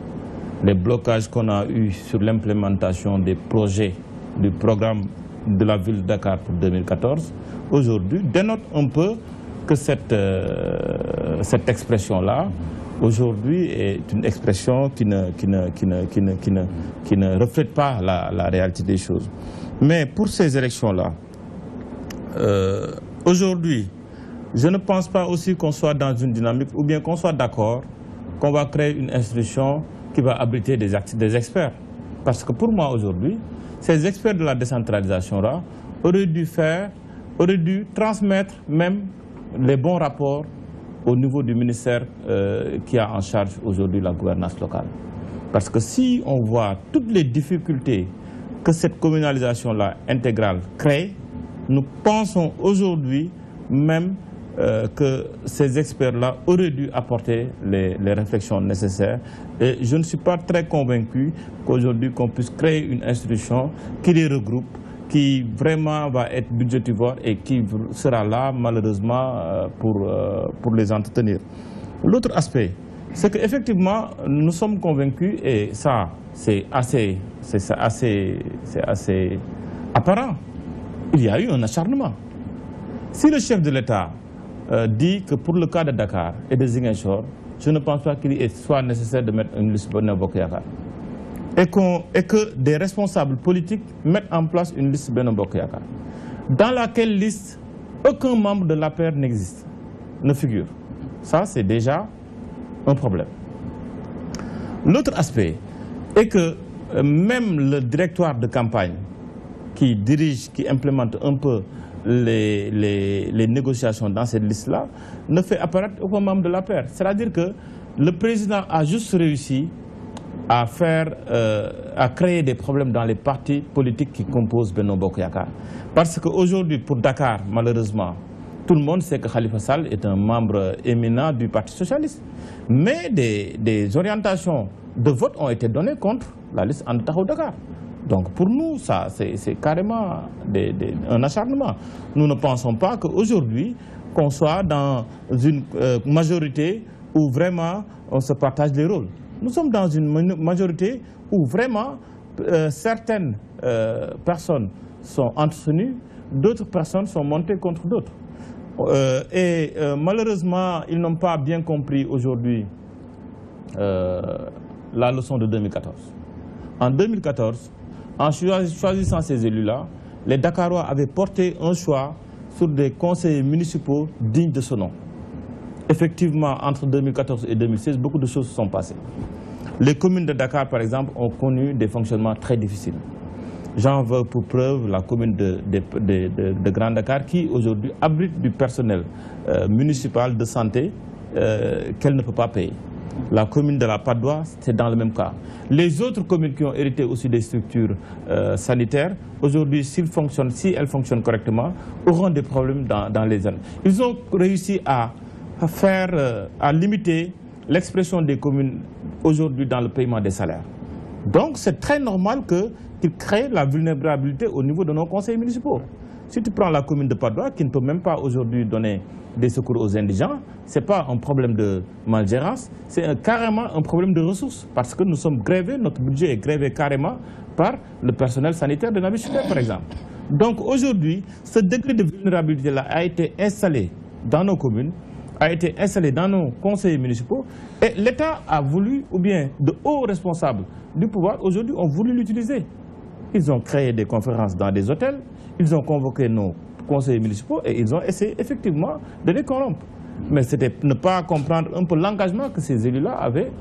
les blocages qu'on a eu sur l'implémentation des projets, du programme de la ville de Dakar pour 2014, aujourd'hui, dénote un peu que cette, euh, cette expression-là, aujourd'hui, est une expression qui ne, qui ne, reflète pas la, réalité des choses. Mais pour ces élections-là, euh, aujourd'hui, je ne pense pas aussi qu'on soit dans une dynamique, ou bien qu'on soit d'accord, qu'on va créer une institution qui va abriter des, des experts. Parce que pour moi, aujourd'hui, ces experts de la décentralisation-là auraient dû faire, auraient dû transmettre même les bons rapports au niveau du ministère euh, qui a en charge aujourd'hui la gouvernance locale. Parce que si on voit toutes les difficultés que cette communalisation-là intégrale crée, nous pensons aujourd'hui même euh, que ces experts-là auraient dû apporter les, réflexions nécessaires. Et je ne suis pas très convaincu qu'aujourd'hui qu'on puisse créer une institution qui les regroupe, qui vraiment va être budgétivore et qui sera là malheureusement euh, pour, euh, pour les entretenir. L'autre aspect, c'est qu'effectivement, nous sommes convaincus, et ça, c'est assez, assez, assez apparent, il y a eu un acharnement. Si le chef de l'État euh, dit que pour le cas de Dakar et de Zingenshore, je ne pense pas qu'il soit nécessaire de mettre une liste Benno Et, et, que des responsables politiques mettent en place une liste Benno dans laquelle liste aucun membre de la paire n'existe, ne figure. Ça, c'est déjà un problème. L'autre aspect est que euh, même le directoire de campagne qui dirige, qui implémente un peu les, négociations dans cette liste-là ne fait apparaître aucun membre de la paire. C'est-à-dire que le président a juste réussi à, faire, euh, à créer des problèmes dans les partis politiques qui composent Beno Bokyaka. Parce qu'aujourd'hui, pour Dakar, malheureusement, tout le monde sait que Khalifa Sall est un membre éminent du Parti Socialiste. Mais des, des orientations de vote ont été données contre la liste Antaho Dakar. Donc pour nous, ça, c'est carrément un acharnement. Nous ne pensons pas qu'aujourd'hui, qu'on soit dans une euh, majorité où vraiment on se partage les rôles. Nous sommes dans une majorité où vraiment euh, certaines euh, personnes sont entretenues, d'autres personnes sont montées contre d'autres. et malheureusement, ils n'ont pas bien compris aujourd'hui la leçon de 2014. En 2014, en choisissant ces élus-là, les Dakarois avaient porté un choix sur des conseillers municipaux dignes de ce nom. Effectivement, entre 2014 et 2016, beaucoup de choses se sont passées. Les communes de Dakar, par exemple, ont connu des fonctionnements très difficiles. J'en veux pour preuve la commune de, Grand Dakar qui aujourd'hui abrite du personnel euh, municipal de santé euh, qu'elle ne peut pas payer la commune de la Padoie, c'est dans le même cas. Les autres communes qui ont hérité aussi des structures euh, sanitaires, aujourd'hui, si elles fonctionnent correctement, auront des problèmes dans, les zones. Ils ont réussi à, faire, euh, à limiter l'expression des communes aujourd'hui dans le paiement des salaires. Donc, c'est très normal qu'ils tu créent la vulnérabilité au niveau de nos conseils municipaux. Si tu prends la commune de Padoie, qui ne peut même pas aujourd'hui donner des secours aux indigents, ce n'est pas un problème de malgérance, c'est carrément un problème de ressources, parce que nous sommes grévés, notre budget est grévé carrément par le personnel sanitaire de Nabichupé, par exemple. Donc aujourd'hui, ce degré de vulnérabilité-là a été installé dans nos communes, a été installé dans nos conseils municipaux, et l'État a voulu, ou bien de hauts responsables du pouvoir, aujourd'hui, ont voulu l'utiliser. Ils ont créé des conférences dans des hôtels, ils ont convoqué nos conseillers municipaux et ils ont essayé effectivement de les corrompre. Mais c'était ne pas comprendre un peu l'engagement que ces élus-là avaient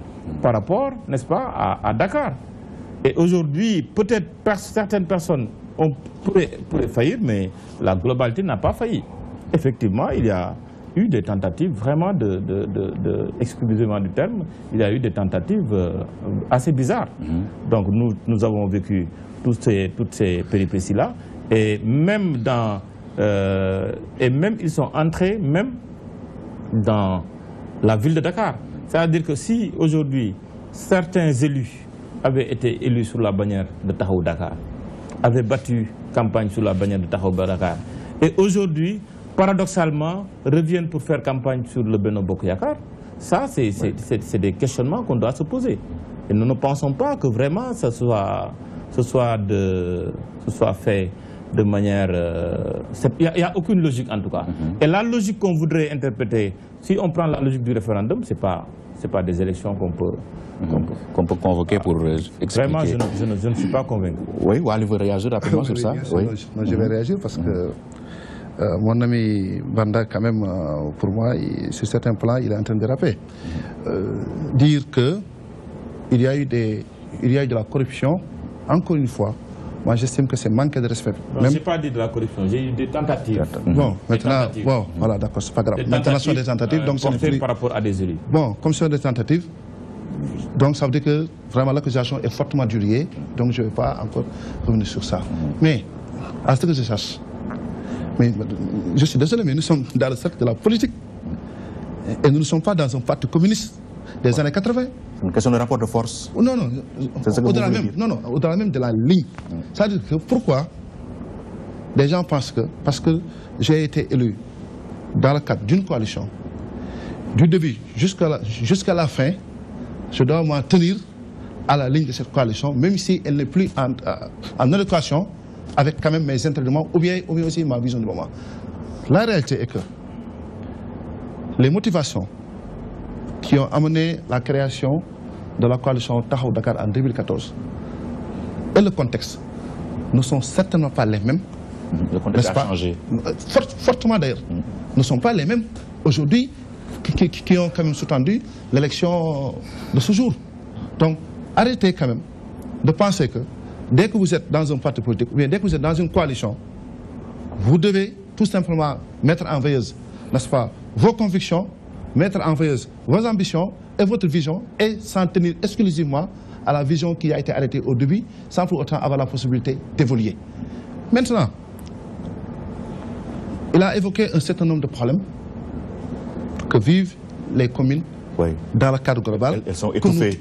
par rapport, n'est-ce pas, à, Dakar. Et aujourd'hui, peut-être certaines personnes ont, pourraient, faillir, mais la globalité n'a pas failli. Effectivement, il y a eu des tentatives vraiment de, de, de, du terme, il y a eu des tentatives euh, assez bizarres. Mmh. Donc nous, avons vécu toutes ces péripéties-là. Et même dans euh, et même, ils sont entrés même dans la ville de Dakar. C'est-à-dire que si aujourd'hui, certains élus avaient été élus sous la bannière de Tahou Dakar, avaient battu campagne sous la bannière de Tahou Dakar, et aujourd'hui, paradoxalement, reviennent pour faire campagne sur le Beno Bokoyakar, ça, c'est des questionnements qu'on doit se poser. Et nous ne pensons pas que vraiment ce soit, ce soit, de, ce soit fait de manière... Euh, il n'y a, aucune logique en tout cas. Mhm. Et la logique qu'on voudrait interpréter, si on prend la logique du référendum, ce n'est pas, pas des élections mhm. qu'on peut, Qu'on peut, convoquer pour euh, ah, expliquer. Vraiment, je ne, je, ne, suis pas convaincu. Oui, allez-vous réagir rapidement sur ça. Oui. Non, je vais mhm. réagir parce que euh, mon ami Banda, quand même, pour moi, sur certains plans, il est en train de rappeler. dire que il y, a eu des, il y a eu de la corruption, encore une fois, moi, j'estime que c'est manque de respect. Non, je n'ai pas dit de la corruption, j'ai eu des tentatives. Bon, maintenant, bon, voilà, d'accord, c'est pas grave. maintenant, ce sont des tentatives. Euh, donc plus... par rapport à des élus. Bon, comme ce sont des tentatives, donc ça veut dire que vraiment l'accusation est fortement durée, donc je ne vais pas encore revenir sur ça. Mais, à ce que je sache, mais, je suis désolé, mais nous sommes dans le cercle de la politique et nous ne sommes pas dans un parti communiste des années 80. Oh, c'est une question de rapport de force. Non, non, au-delà même, non, non, au même de la ligne. cest à dire que pourquoi les gens pensent que, parce que j'ai été élu dans le cadre d'une coalition, du début jusqu'à la, fin, je dois m'en tenir à la ligne de cette coalition, même si elle n'est plus en, euh, en, avec quand même mes intérêts de moi ou bien, ou bien aussi ma vision de moi. La réalité est que les motivations qui ont amené la création de la coalition Tahou Dakar en 2014 et le contexte ne sont certainement pas les mêmes. Mm-hmm. Le contexte a changé. Euh, fortement d'ailleurs. Mm-hmm. Ne sont pas les mêmes aujourd'hui qui, ont quand même sous l'élection de ce jour. Donc arrêtez quand même de penser que dès que vous êtes dans un parti politique ou bien dès que vous êtes dans une coalition, vous devez tout simplement mettre en veilleuse, n'est-ce pas, vos convictions mettre en veilleuse vos ambitions et votre vision et s'en tenir exclusivement à la vision qui a été arrêtée au début, sans pour autant avoir la possibilité d'évoluer. Maintenant, il a évoqué un certain nombre de problèmes que vivent les communes dans le cadre global. Elles, sont étouffées.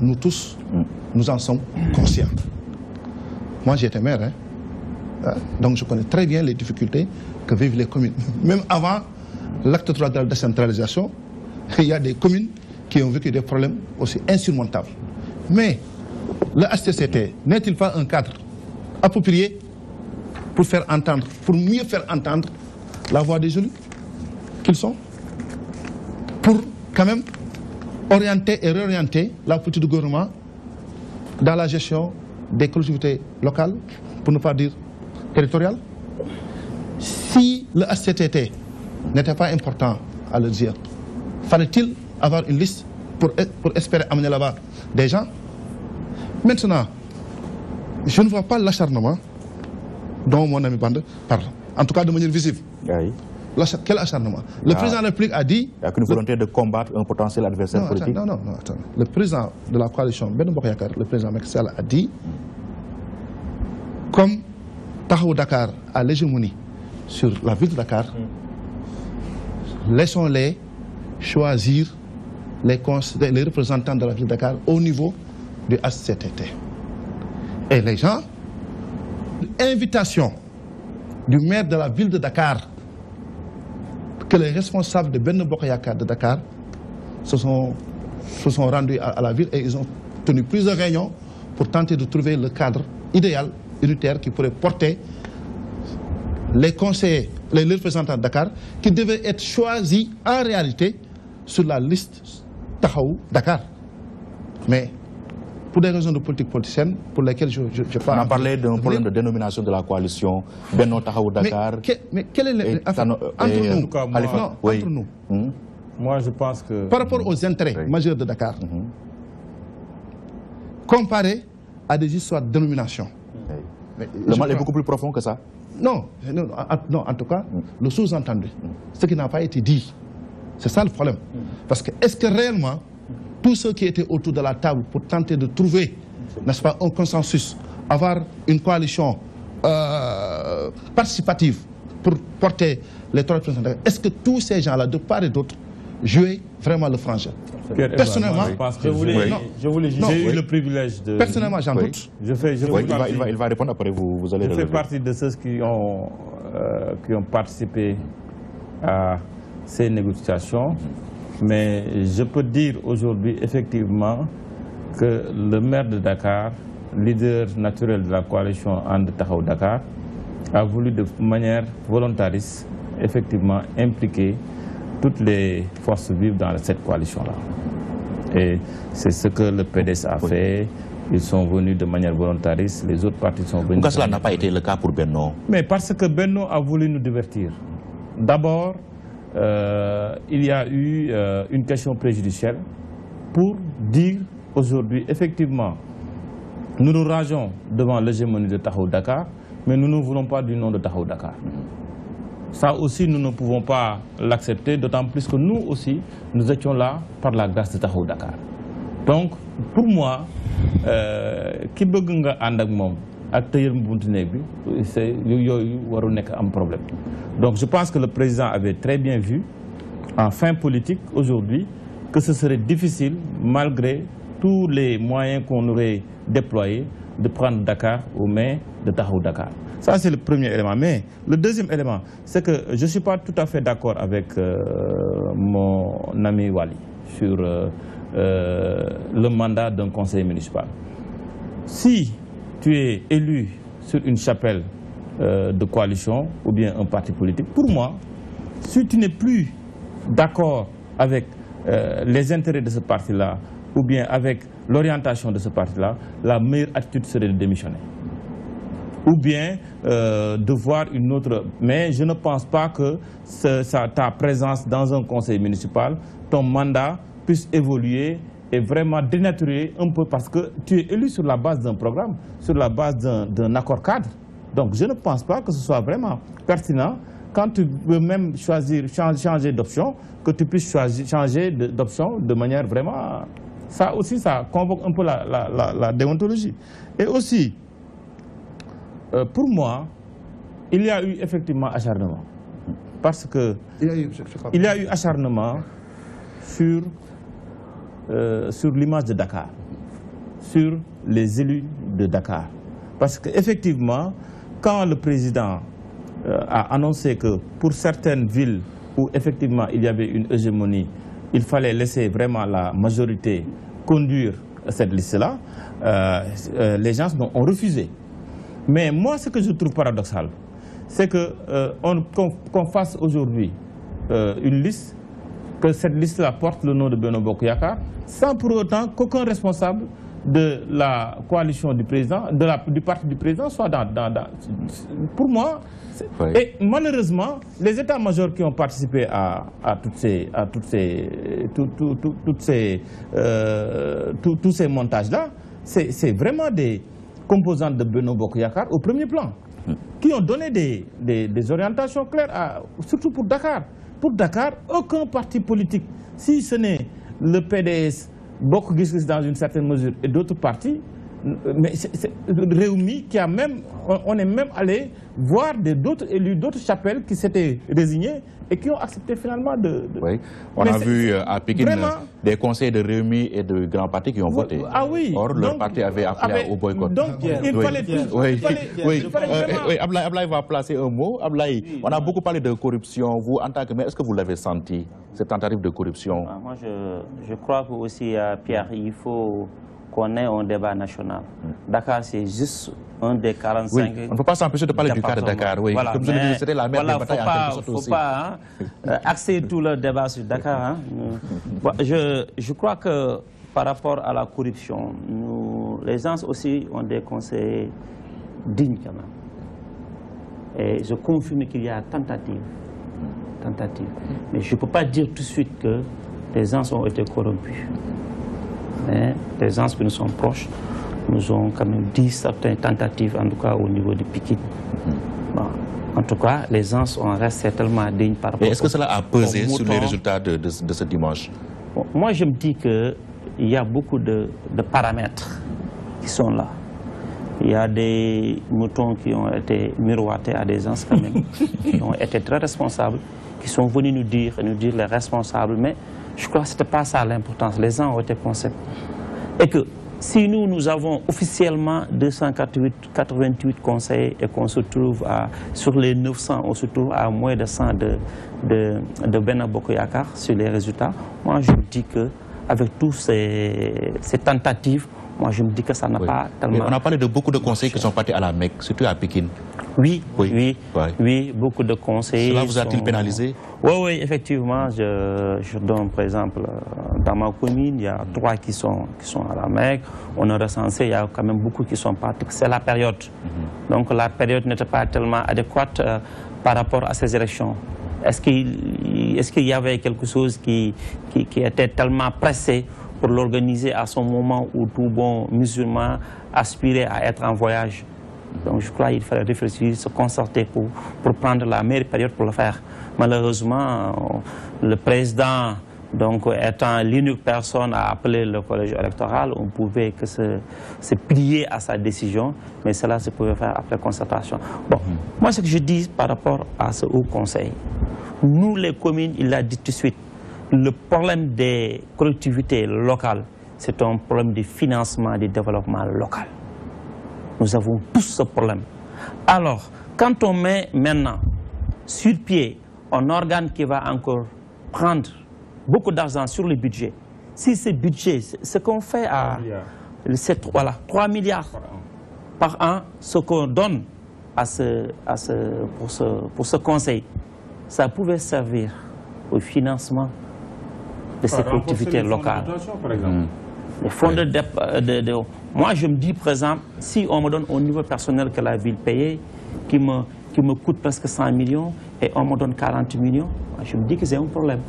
Nous, tous, nous en sommes conscients. Moi, j'étais maire, hein. ah, donc je connais très bien les difficultés que vivent les communes, même avant l'acte 3 de la décentralisation, il y a des communes qui ont vécu des problèmes aussi insurmontables. Mais le HCCT n'est-il pas un cadre approprié pour faire entendre, pour mieux faire entendre la voix des jeunes qu'ils sont, pour quand même orienter et réorienter la politique du gouvernement dans la gestion des collectivités locales, pour ne pas dire territoriales. Si le HCTT n'était pas important à le dire. Fallait-il avoir une liste pour, e-, espérer amener là-bas des gens Maintenant, je ne vois pas l'acharnement dont mon ami Bande parle, en tout cas de manière visible. Ah quel acharnement Le ah. président de la République a dit... Il n'y a qu'une volonté de combattre un potentiel adversaire politique. non, non, non, attends. Le président de la coalition, Ben le président Macky a dit comme Tahou Dakar a l'hégémonie sur la ville de Dakar, mm laissons-les choisir les, les, représentants de la ville de Dakar au niveau du HCTT. Et les gens, invitation du maire de la ville de Dakar, que les responsables de Ben de Dakar se sont, rendus à, à la ville et ils ont tenu plusieurs réunions pour tenter de trouver le cadre idéal, unitaire, qui pourrait porter les conseillers les représentants de Dakar, qui devaient être choisis en réalité sur la liste Tahaou Dakar. Mais pour des raisons de politique politicienne, pour lesquelles je, parle. On a parlé d'un problème de dénomination de la coalition, nos Tahaou Dakar. Mais, quel est le. entre, nous, nous, moi, je pense que. Par rapport aux intérêts majeurs de Dakar, hmm. comparé à des histoires de dénomination. le mal est beaucoup plus profond que ça. Non, non, en tout cas, mm. le sous-entendu, mm. ce qui n'a pas été dit. C'est ça le problème. Mm. Parce que est-ce que réellement, tous ceux qui étaient autour de la table pour tenter de trouver, n'est-ce pas, un consensus, avoir une coalition euh, participative pour porter les trois est-ce que tous ces gens-là, de part et d'autre, jouer vraiment le franget. Personnellement, j'ai eu le privilège de... Personnellement, j'en doute. Je il, va, répondre après, vous, vous allez Je fais partie de ceux qui ont, euh, qui ont participé à ces négociations, mais je peux dire aujourd'hui effectivement que le maire de Dakar, leader naturel de la coalition Ande Tahao Dakar, a voulu de manière volontariste effectivement impliquer toutes les forces vivent dans cette coalition-là. Et c'est ce que le PDS a fait. Ils sont venus de manière volontariste, les autres partis sont venus... Pourquoi cela n'a pas été le cas pour Benno Mais parce que Benno a voulu nous divertir. D'abord, euh, il y a eu euh, une question préjudicielle pour dire aujourd'hui, effectivement, nous nous rageons devant l'hégémonie de Tahou Dakar, mais nous ne voulons pas du nom de Tahou Dakar. Ça aussi, nous ne pouvons pas l'accepter, d'autant plus que nous aussi, nous étions là par la grâce de Tahou Dakar. Donc, pour moi, qui veut que c'est problème donc je pense que le président avait très bien vu en fin politique aujourd'hui que ce serait difficile malgré tous les moyens qu'on aurait déployés de prendre Dakar aux mains de Tahou Dakar ça, c'est le premier élément. Mais le deuxième élément, c'est que je ne suis pas tout à fait d'accord avec euh, mon ami Wali sur euh, euh, le mandat d'un conseil municipal. Si tu es élu sur une chapelle de coalition ou bien un parti politique, pour moi, si tu n'es plus d'accord avec les intérêts de ce parti-là ou bien avec l'orientation de ce parti-là, la meilleure attitude serait de démissionner ou bien euh, de voir une autre. Mais je ne pense pas que ta présence dans un conseil municipal, ton mandat puisse évoluer et vraiment dénaturer un peu parce que tu es élu sur la base d'un programme, sur la base d'un accord cadre. Donc je ne pense pas que ce soit vraiment pertinent quand tu veux même choisir, changer d'option, que tu puisses choisir, changer d'option de manière vraiment... Ça aussi, ça convoque un peu la, la déontologie. Et aussi, euh, pour moi, il y a eu effectivement acharnement. Parce que il y a eu, acharnement sur, euh, sur l'image de Dakar, sur les élus de Dakar. Parce qu'effectivement, quand le président euh, a annoncé que pour certaines villes où effectivement il y avait une hégémonie, il fallait laisser vraiment la majorité conduire cette liste-là, les gens ont refusé. Mais moi, ce que je trouve paradoxal, c'est euh, qu'on qu'on fasse aujourd'hui euh, une liste, que cette liste-là porte le nom de Benoît Bokuyaka, sans pour autant qu'aucun responsable de la coalition du président, de la, du parti du président soit dans... pour moi, et malheureusement, les états-majors qui ont participé à, à, toutes ces, à toutes ces, euh, tous ces montages-là, c'est vraiment des composantes de Beno Yakar au premier plan, hmm. qui ont donné des, orientations claires, à, surtout pour Dakar. Pour Dakar, aucun parti politique, si ce n'est le PDS, Bokugis dans une certaine mesure, et d'autres partis, mais c'est Réumi qui a même, on, est même allé voir d'autres élus, d'autres chapelles qui s'étaient résignés et qui ont accepté finalement de... Oui, on a vu euh, à Pékin des conseils de Réumi et de grands partis qui ont voté. Ah oui Or, leur parti avait appelé au boycott. Donc, il fallait Oui, euh, Ablaï, va placer un mot. Ablaï, on a beaucoup parlé de corruption. Vous, en tant que mais est-ce que vous l'avez senti, cette tentative de corruption ah, Moi, je, crois que aussi, à euh, Pierre, il faut qu'on ait un débat national. Hmm. Dakar, c'est juste un des 45. Oui. On ne peut pas s'empêcher de parler du cas de Dakar. Oui. Comme je c'était la mère des batailles en Il ne faut pas hein, euh, axer tout le débat sur Dakar. Hein. Hmm. je, je, crois que par rapport à la corruption, les gens aussi ont des conseils dignes quand même. Et je confirme qu'il y a tentative. tentative. Hmm. Mais je ne peux pas dire tout de suite que les gens ont été corrompus les hein, anges qui nous sont proches nous ont quand même dit certaines tentatives, en tout cas au niveau du Piquet. Hmm. En tout cas, les anses ont resté tellement dignes par rapport Est-ce que cela a pesé sur les résultats de, de, ce dimanche Moi, je me dis qu'il y a beaucoup de, de, paramètres qui sont là. Il y a des moutons qui ont été miroités à des anses quand même, qui ont été très responsables, qui sont venus nous dire, nous dire les responsables, mais je crois que ce n'était pas ça l'importance. Les gens ont été pensés. Et que si nous, nous avons officiellement 288 conseils, et qu'on se trouve à, sur les 900, on se trouve à moins de 100 de, de, Benabokoyakar sur les résultats, moi je dis que avec toutes ces tentatives, moi je me dis que ça n'a pas tellement... Mais on a parlé de beaucoup de conseils qui sont partis à la Mecque, surtout à Pékin. Oui, oui, oui, beaucoup de conseils. Cela vous a-t-il pénalisé Oui, oui, effectivement. Je, donne, par exemple, euh, dans ma commune, il y a trois qui sont, qui sont à la Mecque. On a recensé, il y a quand même beaucoup qui sont partis. C'est la période. Mhm. Donc la période n'était pas tellement adéquate euh, par rapport à ces élections. Est-ce qu'il est y avait quelque chose qui, qui était tellement pressé pour l'organiser à son moment où tout bon musulman aspirait à être en voyage. Donc je crois qu'il fallait réfléchir, se concerter pour, pour prendre la meilleure période pour le faire. Malheureusement, euh, le président donc, étant l'unique personne à appeler le collège électoral, on pouvait que se, plier à sa décision, mais cela se pouvait faire après concertation. Bon, moi, ce que je dis par rapport à ce Haut Conseil, nous, les communes, il l'a dit tout de suite, le problème des collectivités locales, c'est un problème de financement et de développement local. Nous avons tous ce problème. Alors, quand on met maintenant sur pied un organe qui va encore prendre beaucoup d'argent sur le budget, si ce budget, ce qu'on fait à 3 milliards par an, ce qu'on donne ce, pour ce conseil, ça pouvait servir au financement de ces collectivités locales. fonds euh, de, de, Moi, je me dis, par exemple, si on me donne au niveau personnel que la ville payait, qui me, qui me coûte presque 100 millions, et on me donne 40 millions, je me dis que c'est un problème.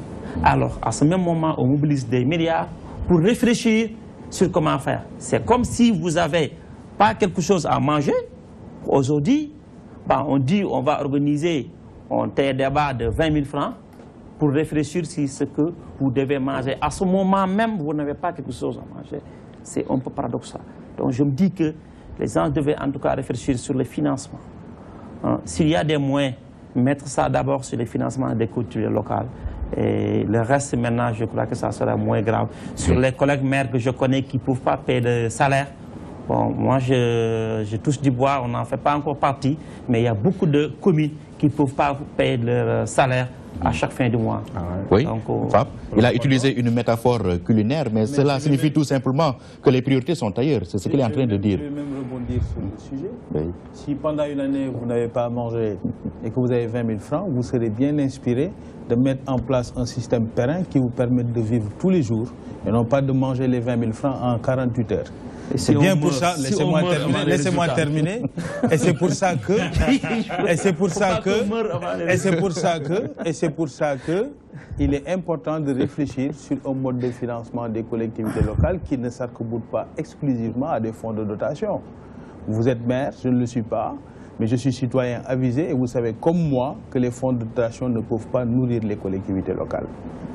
Alors, à ce même moment, on mobilise des milliards pour réfléchir sur comment faire. C'est comme si vous n'avez pas quelque chose à manger. Aujourd'hui, ben, on dit on va organiser un débat de 20 000 francs pour réfléchir si ce que vous devez manger. À ce moment même, vous n'avez pas quelque chose à manger. C'est un peu paradoxal. Donc je me dis que les gens devaient en tout cas réfléchir sur les financements. Hein, s'il y a des moyens, mettre ça d'abord sur les financements des cultures locales. Et le reste, maintenant, je crois que ça sera moins grave. Sur les collègues maires que je connais qui ne peuvent pas payer de salaire, bon, moi, je, je touche du bois, on n'en fait pas encore partie, mais il y a beaucoup de communes qui ne peuvent pas payer leur euh, salaire à chaque fin du mois. Ah oui, il a utilisé une métaphore culinaire, mais, cela signifie tout simplement que les priorités sont ailleurs. C'est ce qu'il est en train de dire. Je vais même rebondir sur le sujet. Si pendant une année, vous n'avez pas mangé et que vous avez 20 000 francs, vous serez bien inspiré de mettre en place un système pérenne qui vous permette de vivre tous les jours et non pas de manger les 20 000 francs en 48 heures c'est bien pour ça, laissez-moi terminer, Et c'est pour ça que, et c'est pour ça que, et c'est pour ça que, et c'est pour ça que, il est important de réfléchir sur un mode de financement des collectivités locales qui ne s'accouboute pas exclusivement à des fonds de dotation. Vous êtes maire, je ne le suis pas. Mais je suis citoyen avisé et vous savez comme moi que les fonds de dotation ne peuvent pas nourrir les collectivités locales.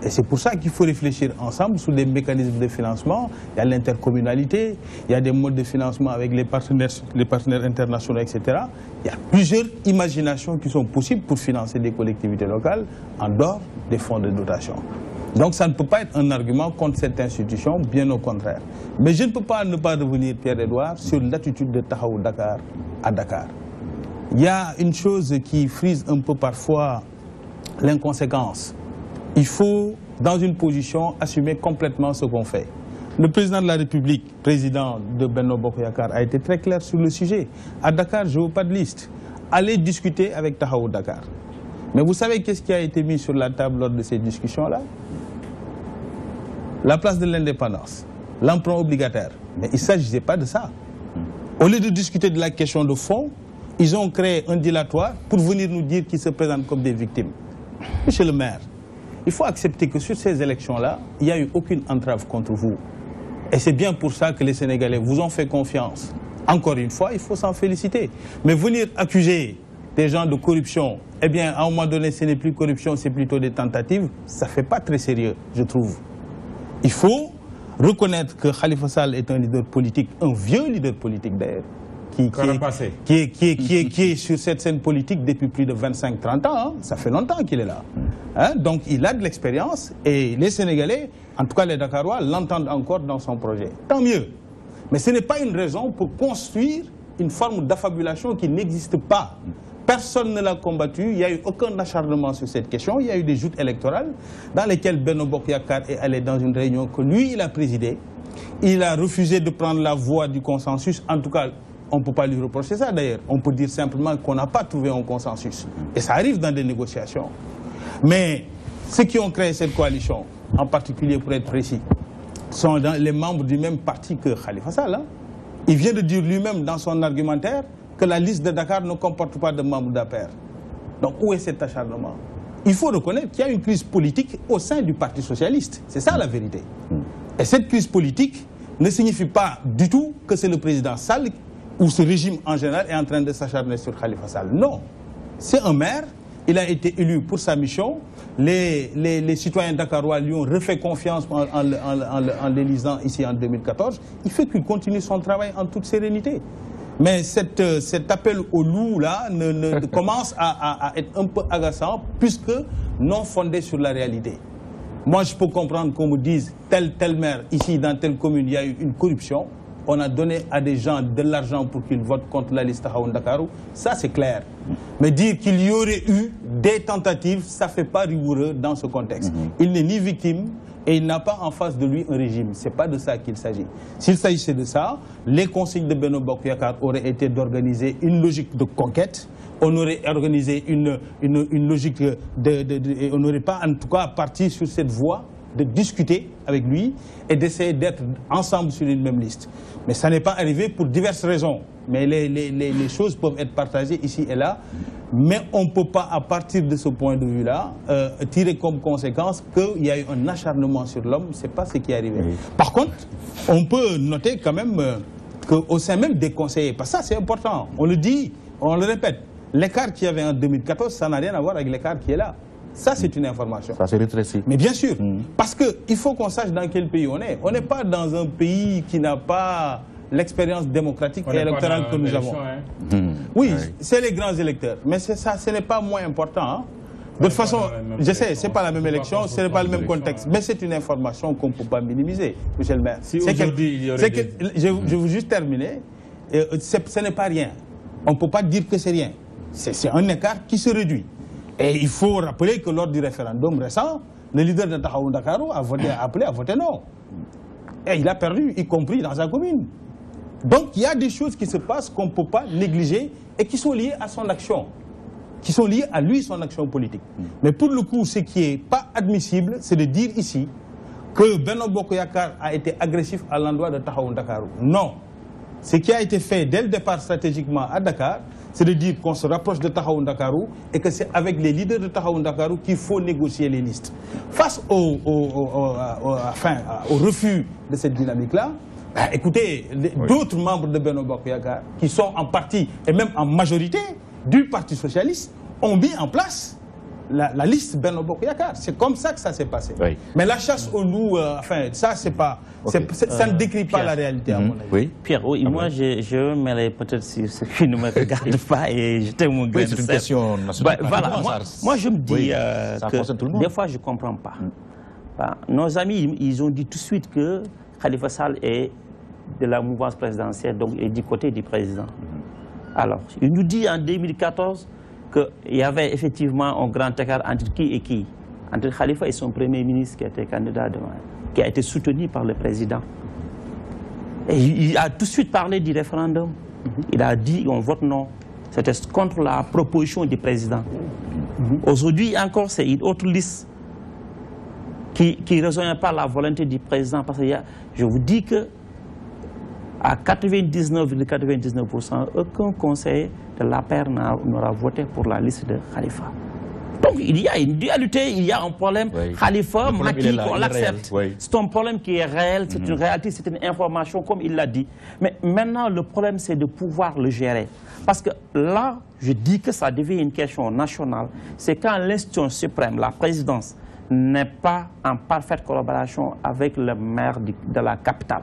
Et c'est pour ça qu'il faut réfléchir ensemble sur les mécanismes de financement. Il y a l'intercommunalité, il y a des modes de financement avec les partenaires, internationaux, etc. Il y a plusieurs imaginations qui sont possibles pour financer des collectivités locales en dehors des fonds de dotation. Donc ça ne peut pas être un argument contre cette institution, bien au contraire. Mais je ne peux pas ne pas revenir, Pierre-Edouard, sur l'attitude de Tahaou Dakar à Dakar. Il y a une chose qui frise un peu parfois l'inconséquence. Il faut, dans une position, assumer complètement ce qu'on fait. Le président de la République, président de Benno Bokoyakar, a été très clair sur le sujet. À Dakar, je veux pas de liste. Allez discuter avec Tahao Dakar. Mais vous savez qu'est-ce qui a été mis sur la table lors de ces discussions-là La place de l'indépendance, l'emprunt obligataire. Mais il ne s'agissait pas de ça. Au lieu de discuter de la question de fond, ils ont créé un dilatoire pour venir nous dire qu'ils se présentent comme des victimes. Monsieur le maire, il faut accepter que sur ces élections-là, il n'y a eu aucune entrave contre vous. Et c'est bien pour ça que les Sénégalais vous ont fait confiance. Encore une fois, il faut s'en féliciter. Mais venir accuser des gens de corruption, eh bien, à un moment donné, ce n'est plus corruption, c'est plutôt des tentatives, ça ne fait pas très sérieux, je trouve. Il faut reconnaître que Khalifa Sall est un leader politique, un vieux leader politique d'ailleurs, qui, est, qui, qui, est, sur cette scène politique depuis plus de 25-30 ans. Hein. Ça fait longtemps qu'il est là. Hein. Donc il a de l'expérience et les Sénégalais, en tout cas les Dakarois, l'entendent encore dans son projet. Tant mieux. Mais ce n'est pas une raison pour construire une forme d'affabulation qui n'existe pas. Personne ne l'a combattu, il n'y a eu aucun acharnement sur cette question, il y a eu des joutes électorales dans lesquelles Benobok Yakar est allé dans une réunion que lui, il a présidée. Il a refusé de prendre la voie du consensus, en tout cas on ne peut pas lui reprocher ça d'ailleurs. On peut dire simplement qu'on n'a pas trouvé un consensus. Et ça arrive dans des négociations. Mais ceux qui ont créé cette coalition, en particulier pour être précis, sont les membres du même parti que Khalifa Sall. Hein. Il vient de dire lui-même dans son argumentaire que la liste de Dakar ne comporte pas de membres d'APR. Donc où est cet acharnement Il faut reconnaître qu'il y a une crise politique au sein du Parti Socialiste. C'est ça la vérité. Mm. Et cette crise politique ne signifie pas du tout que c'est le président Sall où ce régime en général est en train de s'acharner sur Khalifa Sall. Non, c'est un maire, il a été élu pour sa mission, les, les, les citoyens dakarois lui ont refait confiance en, en, en, l'élisant ici en 2014, il fait qu'il continue son travail en toute sérénité. Mais cette, euh, cet appel au loup là ne, commence à, à, être un peu agaçant puisque non fondé sur la réalité. Moi, je peux comprendre qu'on me dise tel, tel maire, ici, dans telle commune, il y a eu une corruption on a donné à des gens de l'argent pour qu'ils votent contre la liste Haoun Dakarou, ça c'est clair. Mais dire qu'il y aurait eu des tentatives, ça ne fait pas rigoureux dans ce contexte. Mhm. Il n'est ni victime et il n'a pas en face de lui un régime. Ce n'est pas de ça qu'il s'agit. S'il s'agissait de ça, les consignes de Beno Bakouyakar auraient été d'organiser une logique de conquête, on aurait organisé une, logique de, on n'aurait pas en tout cas parti sur cette voie de discuter avec lui et d'essayer d'être ensemble sur une même liste. Mais ça n'est pas arrivé pour diverses raisons. Mais les, choses peuvent être partagées ici et là. Mais on ne peut pas, à partir de ce point de vue-là, euh, tirer comme conséquence qu'il y a eu un acharnement sur l'homme. Ce n'est pas ce qui est arrivé. Par contre, on peut noter quand même euh, qu'au sein même des conseillers, parce que ça c'est important, on le dit, on le répète, l'écart qu'il y avait en 2014, ça n'a rien à voir avec l'écart qui est là. Ça, c'est une information. Ça c'est rétréci. – Mais bien sûr, mm. parce qu'il faut qu'on sache dans quel pays on est. On n'est pas dans un pays qui n'a pas l'expérience démocratique et électorale que nous avons. Hein. Mm. Oui, c'est les grands électeurs. Mais ça, ce n'est pas moins important. Hein. De toute façon, je sais, ce n'est pas la même élection, hein. ce n'est pas le même contexte. Mais c'est une information qu'on ne peut pas minimiser, Michel le maire. Si y aurait je, mm. je veux juste terminer. Euh, ce n'est pas rien. On ne peut pas dire que c'est rien. C'est un écart qui se réduit. Et il faut rappeler que lors du référendum récent, le leader de Tahaoun Dakarou a, appelé à voter non. Et il a perdu, y compris dans sa commune. Donc il y a des choses qui se passent qu'on ne peut pas négliger et qui sont liées à son action, qui sont liées à lui, son action politique. Mais pour le coup, ce qui n'est pas admissible, c'est de dire ici que Beno Bokoyakar a été agressif à l'endroit de Tahaoun Dakarou. Non. Ce qui a été fait dès le départ stratégiquement à Dakar, c'est de dire qu'on se rapproche de Tahaou et que c'est avec les leaders de Tahaou qu'il faut négocier les listes. Face au, refus de cette dynamique-là, bah, écoutez, d'autres membres de Beno Bakouyaka, qui sont en partie et même en majorité du Parti Socialiste, ont mis en place la, la liste Benno C'est comme ça que ça s'est passé. Mais la chasse au loup, euh, enfin, ça, c'est pas, ça ne euh, décrit pas la réalité, à mhm. mon avis. Pierre, ah moi, je, me mets peut-être sur ce qui ne me regarde pas et j'étais mon gars. une question bah, voilà, moi, je me dis euh, que des fois, je ne comprends pas. Mm. Bah, nos amis, ils ont dit tout de suite que Khalifa Sall est de la mouvance présidentielle, donc est du côté du président. Mm-hmm. Alors, il nous dit en 2014 qu'il y avait effectivement un grand écart entre qui et qui Entre Khalifa et son premier ministre qui était candidat, qui a été soutenu par le président. Et il a tout de suite parlé du référendum. Mm-hmm. Il a dit on vote non. C'était contre la proposition du président. Mm-hmm. Aujourd'hui encore, c'est une autre liste qui ne résonne pas la volonté du président. Parce que je vous dis que à 99,99%, aucun conseil de la paire n'aura voté pour la liste de Khalifa. Donc il y a une dualité, il y a un problème. Khalifa, on l'accepte. C'est un problème qui est réel, c'est une mhm. réalité, c'est une information, comme il l'a dit. Mais maintenant, le problème, c'est de pouvoir le gérer. Parce que là, je dis que ça devient une question nationale. C'est quand l'institution suprême, la présidence, n'est pas en parfaite collaboration avec le maire de la capitale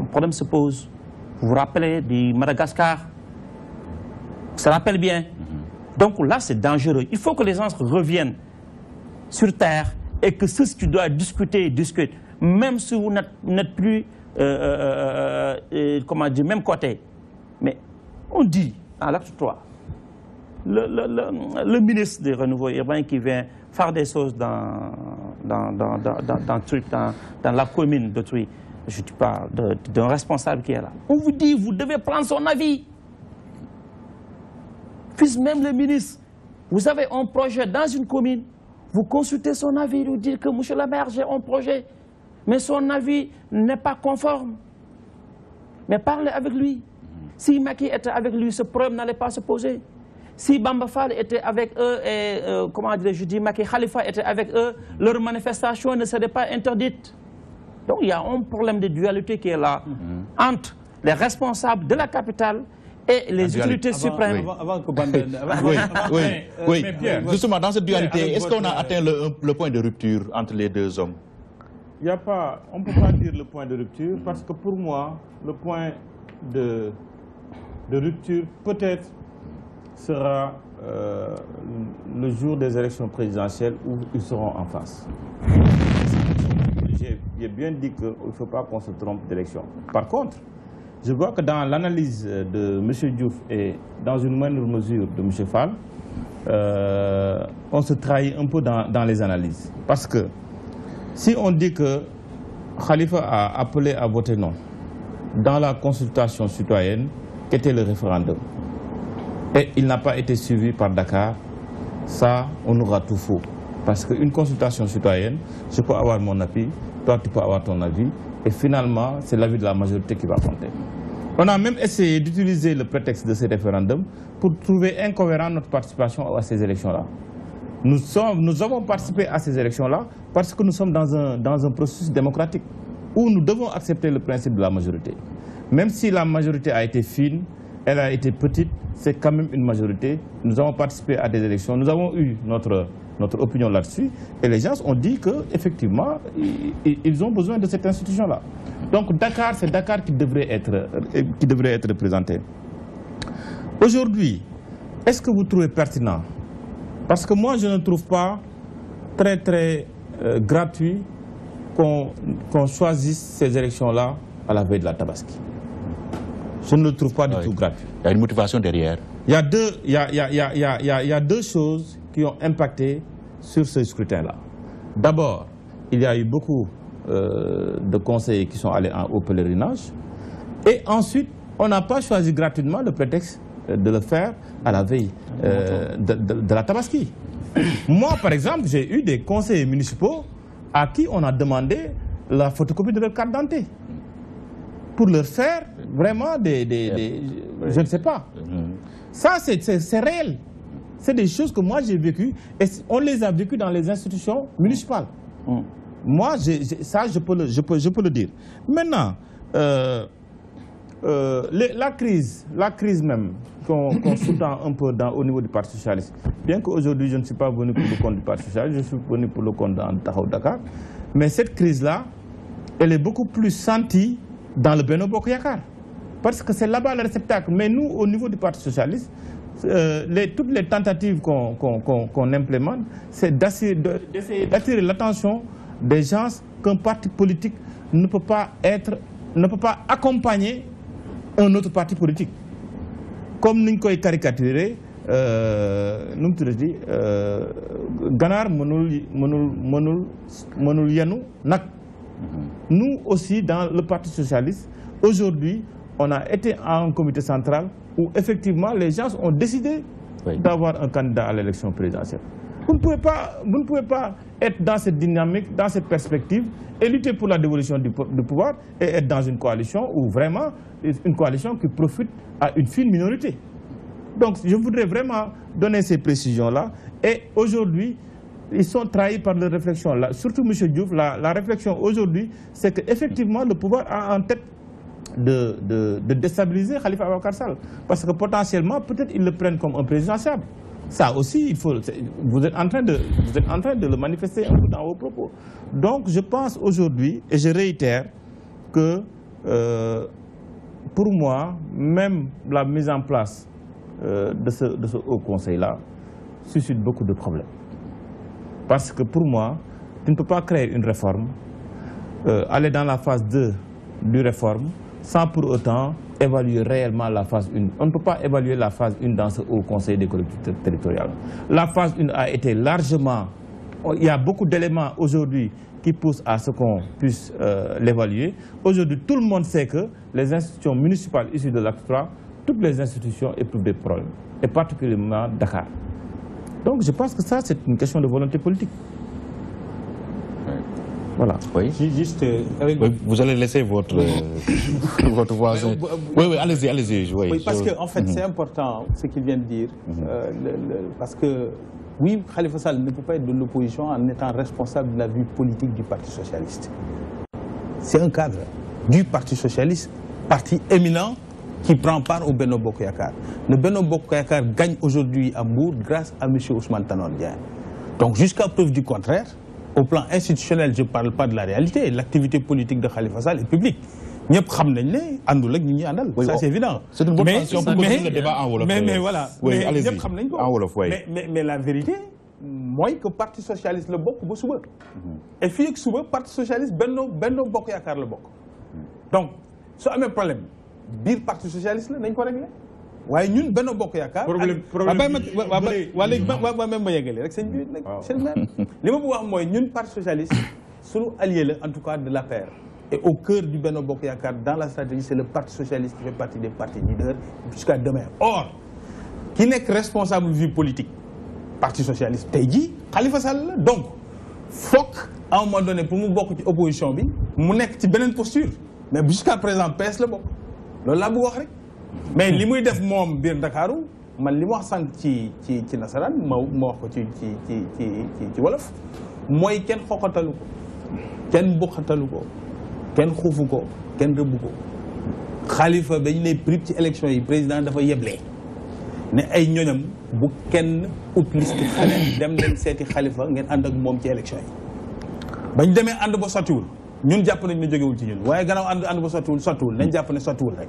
un problème se pose. Vous vous rappelez du Madagascar Ça rappelle bien. Mhm. Donc là, c'est dangereux. Il faut que les gens reviennent sur Terre et que ce qui doivent discuter, discute. Même si vous n'êtes plus, euh, euh, euh, comment dire, même côté. Mais on dit, à l'acte 3, le, ministre des renouveau urbains qui vient faire des choses dans, dans, dans, la commune de Truy, je parle d'un responsable qui est là, on vous dit, vous devez prendre son avis. Fils même le ministre, vous avez un projet dans une commune, vous consultez son avis, vous dites que monsieur le maire, j'ai un projet, mais son avis n'est pas conforme. Mais parlez avec lui. Si Maki était avec lui, ce problème n'allait pas se poser. Si Bamba Fall était avec eux, et, euh, comment dire, je dis Maki Khalifa était avec eux, leur manifestation ne serait pas interdite. Donc il y a un problème de dualité qui est là mhm. entre les responsables de la capitale et les autorités suprêmes. Avant, oui, Justement, dans cette dualité, est-ce qu'on a euh, atteint le, point de rupture entre les deux hommes Il a pas... On ne peut pas dire le point de rupture parce que pour moi, le point de, rupture peut-être sera euh, le jour des élections présidentielles où ils seront en face j'ai bien dit qu'il ne faut pas qu'on se trompe d'élection. Par contre, je vois que dans l'analyse de M. Diouf et dans une moindre mesure de M. Fall, euh, on se trahit un peu dans, dans, les analyses. Parce que si on dit que Khalifa a appelé à voter non dans la consultation citoyenne, qu'était le référendum Et il n'a pas été suivi par Dakar, ça, on aura tout faux. Parce qu'une consultation citoyenne, je peux avoir mon avis, toi tu peux avoir ton avis, et finalement c'est l'avis de la majorité qui va compter. On a même essayé d'utiliser le prétexte de ce référendum pour trouver incohérent notre participation à ces élections-là. Nous, avons participé à ces élections-là parce que nous sommes dans un, dans un processus démocratique où nous devons accepter le principe de la majorité. Même si la majorité a été fine, elle a été petite, c'est quand même une majorité. Nous avons participé à des élections, nous avons eu notre notre opinion là-dessus. Et les gens ont dit qu'effectivement, ils ont besoin de cette institution-là. Donc Dakar, c'est Dakar qui devrait être, euh, qui devrait être représenté. Aujourd'hui, est-ce que vous trouvez pertinent Parce que moi, je ne trouve pas très, très euh, gratuit qu'on choisisse ces élections-là à la veille de la Tabaski. Je ne le trouve pas du ah tout gratuit. Il y a une motivation derrière. y a deux, il y a deux choses qui ont impacté sur ce scrutin-là. D'abord, il y a eu beaucoup euh, de conseillers qui sont allés au pèlerinage. Et ensuite, on n'a pas choisi gratuitement le prétexte euh, de le faire à la veille euh, de, la Tabaski. Moi, par exemple, j'ai eu des conseillers municipaux à qui on a demandé la photocopie de leur carte dentée. pour leur faire vraiment des je ne sais pas. Ça, c'est réel. C'est des choses que moi j'ai vécues et on les a vécues dans les institutions municipales. Hum. Moi, ça, je peux, le, dire. Maintenant, euh, euh, la crise, la crise même, qu'on sous-tend un peu au niveau du Parti Socialiste, bien qu'aujourd'hui je ne suis pas venu pour le compte du Parti Socialiste, je suis venu pour le compte d'Antahou Dakar, mais cette crise-là, elle est beaucoup plus sentie dans le Beno Yakar Parce que c'est là-bas le réceptacle. Mais nous, au niveau du Parti Socialiste, euh, toutes les tentatives qu'on implémente, c'est d'attirer l'attention des gens qu'un parti politique ne peut pas être, ne peut pas accompagner un autre parti politique. Comme nous avons caricaturé, nous dit, Ganar Nous aussi, dans le Parti Socialiste, aujourd'hui, on a été en comité central où effectivement les gens ont décidé d'avoir un candidat à l'élection présidentielle. Vous ne, pouvez pas, vous ne pouvez pas être dans cette dynamique, dans cette perspective, et lutter pour la dévolution du, pouvoir, et être dans une coalition ou vraiment, une coalition qui profite à une fine minorité. Donc je voudrais vraiment donner ces précisions-là. Et aujourd'hui, ils sont trahis par leur réflexion. Là, surtout M. Diouf, la, la réflexion aujourd'hui, c'est qu'effectivement, le pouvoir a en tête de, de, déstabiliser Khalifa Abou Parce que potentiellement, peut-être ils le prennent comme un présidentiable. Ça aussi, il faut, vous, êtes en train de, vous êtes en train de le manifester un peu dans vos propos. Donc je pense aujourd'hui, et je réitère, que euh, pour moi, même la mise en place euh, de, ce, de ce haut conseil-là suscite beaucoup de problèmes. Parce que pour moi, tu ne peux pas créer une réforme, euh, aller dans la phase 2 du réforme, sans pour autant évaluer réellement la phase 1. On ne peut pas évaluer la phase 1 dans ce Haut Conseil des collectivités territoriales. La phase 1 a été largement... Il y a beaucoup d'éléments aujourd'hui qui poussent à ce qu'on puisse euh, l'évaluer. Aujourd'hui, tout le monde sait que les institutions municipales issues de l'acte 3, toutes les institutions éprouvent des problèmes, et particulièrement Dakar. Donc je pense que ça, c'est une question de volonté politique. Voilà. vous allez laisser votre, euh, votre voisin. Oui, allez-y, allez-y. parce qu'en en fait, mhm. c'est important ce qu'il vient de dire. Mhm. Euh, parce que, oui, Khalifa Sall ne peut pas être de l'opposition en étant responsable de la vie politique du Parti Socialiste. C'est un cadre du Parti Socialiste, parti éminent, qui prend part au Beno Bokoyakar. Le Beno Bokoyakar gagne aujourd'hui à Bourg grâce à M. Ousmane Tanordien. Donc, jusqu'à preuve du contraire, au plan institutionnel, je ne parle pas de la réalité. L'activité politique de Khalifa Sall est publique. c'est évident. Une mais, Mais, euh, mais voilà, mais, mais, la vérité, moi que le Parti Socialiste le bok, mm-hmm. et puis que le Parti Socialiste benno benno bok le bok. Donc, ça a un problème. Bir Parti Socialiste, là, n'est pas waaye ñun benn bokk yaakaar. problème problème waa waa même ma yeggalee rek sëñ bi nag. sëñ li ma wax mooy ñun parti socialiste sunu allié la en tout cas de paire, et au cœur du benn bokk dans la stratégie c'est le parti socialiste qui fait partie des partis leaders jusqu'à demain or ki nekk responsable vie politique parti socialiste tey Khalifa Sall donc Fok, à un moment donné pour nous, bokk ci opposition bi mu nekk ci posture mais jusqu'à présent PS le bokk loolu laa bëgg wax rek. mais hmm. li muy def moom biir Ndakaaru man li mu wax sànq ci ci ci nasaraan ma ma wax ko ci ci ci ci ci wolof mooy kenn xoqatalu ko kenn buqatalu ko kenn xuufu ko kenn rëbbu ko xalifa dañu ne prib ci élection yi président dafa yeble ne ay ñoñam bu kenn ut liste xale dem leen seeti xalifa ngeen ànd ak moom ci élection yi bañ demee ànd ba sottiwul ñun jàpp nañ ne jógewul ci ñun waaye gannaaw ànd ànd ba sottiwul sottiwul nañ jàpp ne sottiwul rek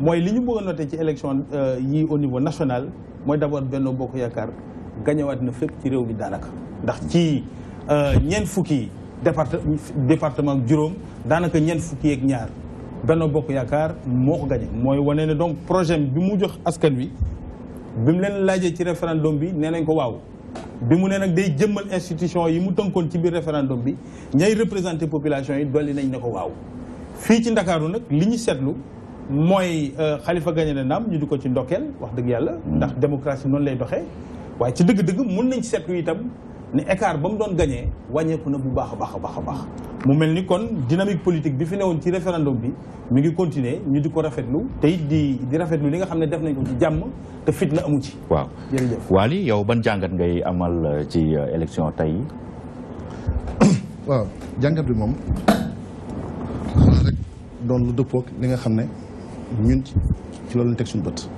Moi li ñu bëgg a noté ci élection yi au niveau national moi d'abord abord Benno Bokk Yaakaar gañewaat na ne ci réew au daanaka ndax ci euh, ñeent fukki département département durom, juróom daanaka ñeent fukki ak ñaar Benno Bokk Yaakaar moo ko gañe mooy wane donc projet bi mu jox askan wi bi mu leen laajee ci référendum bi nee nañ ko waaw bi mu ne nag day jëmmal institution yi mu tënkoon ci biir référendum bi ñay représenté population yi dolli nañ nako waaw fi ci Ndakaaru nak liñu ñu mooy euh, Khalifa gañe na naam ñu di ko ci ndokkeel wax dëgg yàlla mm. ndax démocratie noonu lay doxe waaye ci dëgg-dëgg mun nañ seetlu itam ne écart ba mu doon gañee wàññeeku na bu baax a baax a baax a baax mu mel ni kon dynamique politique bi fi ne woon ci référendum bi mu ngi continuer ñu di ko rafetlu te it di rafet rafetlu li nga xam ne def nañ ko ci jàmm te fitna amu ci waaw waali yow ban jàngat ngay amal euh, ci euh, élection tey waaw jàngat bi moom xanaa rek dëppook li xam ne ñun ci loolu teg suñu bët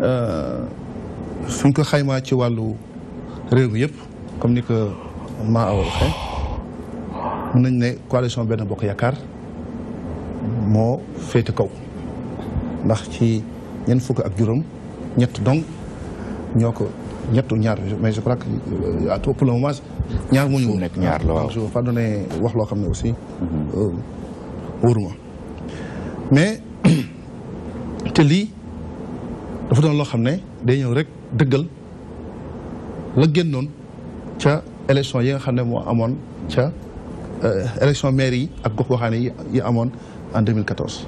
euh, suñ ko xaymaa ci wàllu réew mi yëpp comme ni ko maa aw waxee mën nañ ne coalition benn bokk yaakaar moo féete kaw ndax ci ñeent fukk ak juróom ñett donc ñoo ko ñett ñaar mais je crois que euh, pour le moment ñaar moo ñu nekk ñaar la wax loo xam ne aussi mm-hmm. euh, wóoruma mais te lii dafa doon loo xam ne day ñëw rek dëggal la génnoon ca élection yi nga xam ne moo amoon ca euh, élection maire yi ak gox waxaane yi yi amoon en 2014.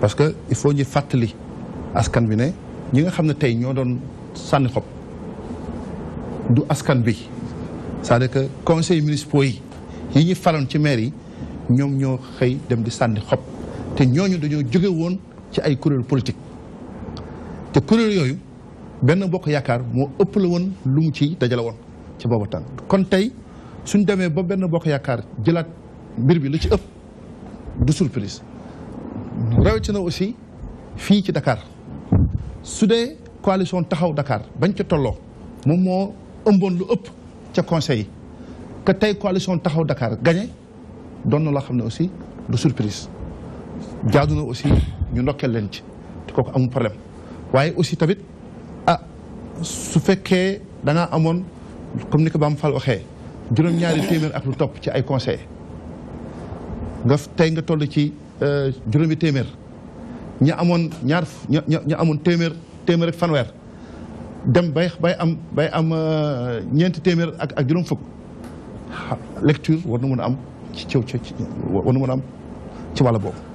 parce que il faut ñu fàttali askan bi ne ñi nga xam ne tey ñoo doon sànni xob du askan bi c'est-à-dire que conseil municipaux yi yi ñu faroon ci maire yi ñoom ñoo xëy dem di sànni xob. te ñooñu dañoo jóge woon ci ay kuréel politique te kuréel yooyu benn bokk yaakaar moo ëpp la woon lu mu ci dajale woon ci boobu kon tey suñ demee ba benn bokk yaakaar jëlaat mbir bi lu ci ëpp du surprise rawatina aussi fii ci dakaar su dee coalition taxaw Dakar bañ ca tolloo moom moo ëmboon lu ëpp ca conseil yi que tey coalition taxaw Dakar gagné doon na loo xam ne aussi du surprise jaadu na aussi ñu ndokkeel leen ci te amu problème waaye aussi tamit a ah, su fekkee danga amoon comme ni ko Bamba Fall waxee juróom-ñaari téeméer ak lu topp ci ay conseil nga tey nga toll ci euh, juróomi téeméer ña amoon ñaar ña amoon téeméer téeméer ak fanweer dem bay bay am bay am euh, ñeenti téeméer ak ak juróom fukk lecture war na mën a am ci ciw ci mën am ci wàll boobu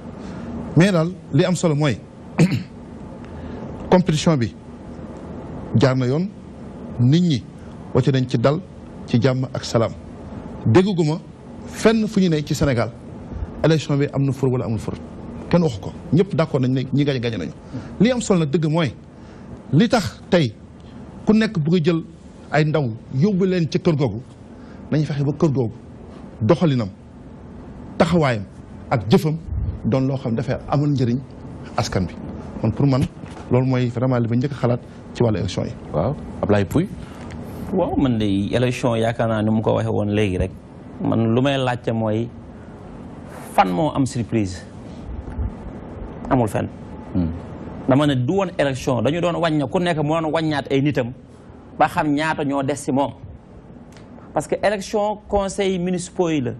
mais daal li am solo mooy compétition bi jaar na yoon nit ñi wacce dañ ci dal ci jàmm ak salaam dégguma fenn fu ñu ne ci senegal élection bi am na fur wala amul fur kenn waxu ko ñëpp d'accord nañ ne ñi gañ gañ nañu li am solo nag dëgg mooy li tax tey ku nekk bëgg jël ay ndaw yóbbu leen ci kër googu nañu fexe ba kër googu doxalinam taxawaayam ak jëfam doon loo xam defee amul njëriñ askan bi kon pour man loolu mooy vraiment li ma njëkk xalaat ci wàllu élection yi. waaw Ablaye Pouy. waaw man de élection yaakaar naa ni mu ko waxee woon léegi rek man lu may laajte mooy fan moo am surprise amul fen hmm. dama ne du woon élection dañu doon wàññi ku nekk mu doon wàññaat ay nitam ba xam ñaata ñoo des si moom parce que élection conseil municipal yi la.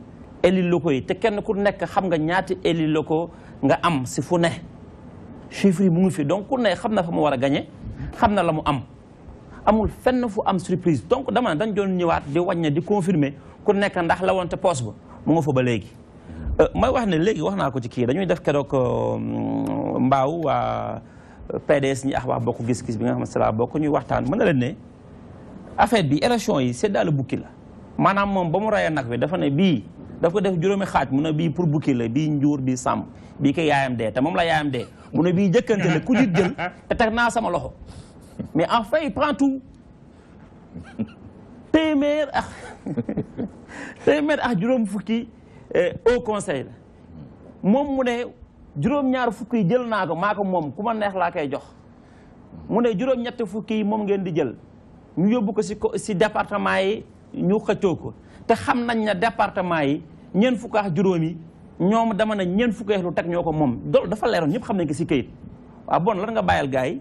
élus locaux yi te kenn ku nek xam nga ñaati élus locaux nga am si fu ne chiffres mu ngi fi donc ku ne xam na fa mu wara gagner xam na lamu am amul fenn fu am surprise donc dama dañ doon ñëwaat di wàññi di confirmer ku nek ndax la wonte poste poos ba mu nga fa ba léegi euh, may wax ne léegi wax naa ko ci ki dañuy def keroog euh, mbaaw wa euh, PDS ñi ax waa bokk gis-gis bi nga xam sala bokku ñuy waxtaan mën na leen ne affaire bi élection yi c'est dans le bouki la manam mom bamu mu nak nag dafa ne bi daf ko def juróomi xaaj mu ne bii pour bukki la bii njuur bii sàmm bii ko yaayam dee te moom la yaayam dee mu ne bii jëkkante la ku ji jël te teg naa sama loxo mais enfin il prend tout téeméer ak juróom fukki eh, au conseil moom mu ne juróom-ñaar fukki jël naa ko maa moom ku ma neex laa koy jox mu ne juróom-ñetti fukki moom ngeen di jël mu yóbbu ko si si département yi ñu xëccoo ko te xam nañ ne département yi ñeent fukk ak juróom yi ñoom dama ne ñeent fukk ak lu teg ñoo ko moom loolu dafa leeroon ñëpp xam nañ ko si këyit waaw bon lan nga bàyyal gars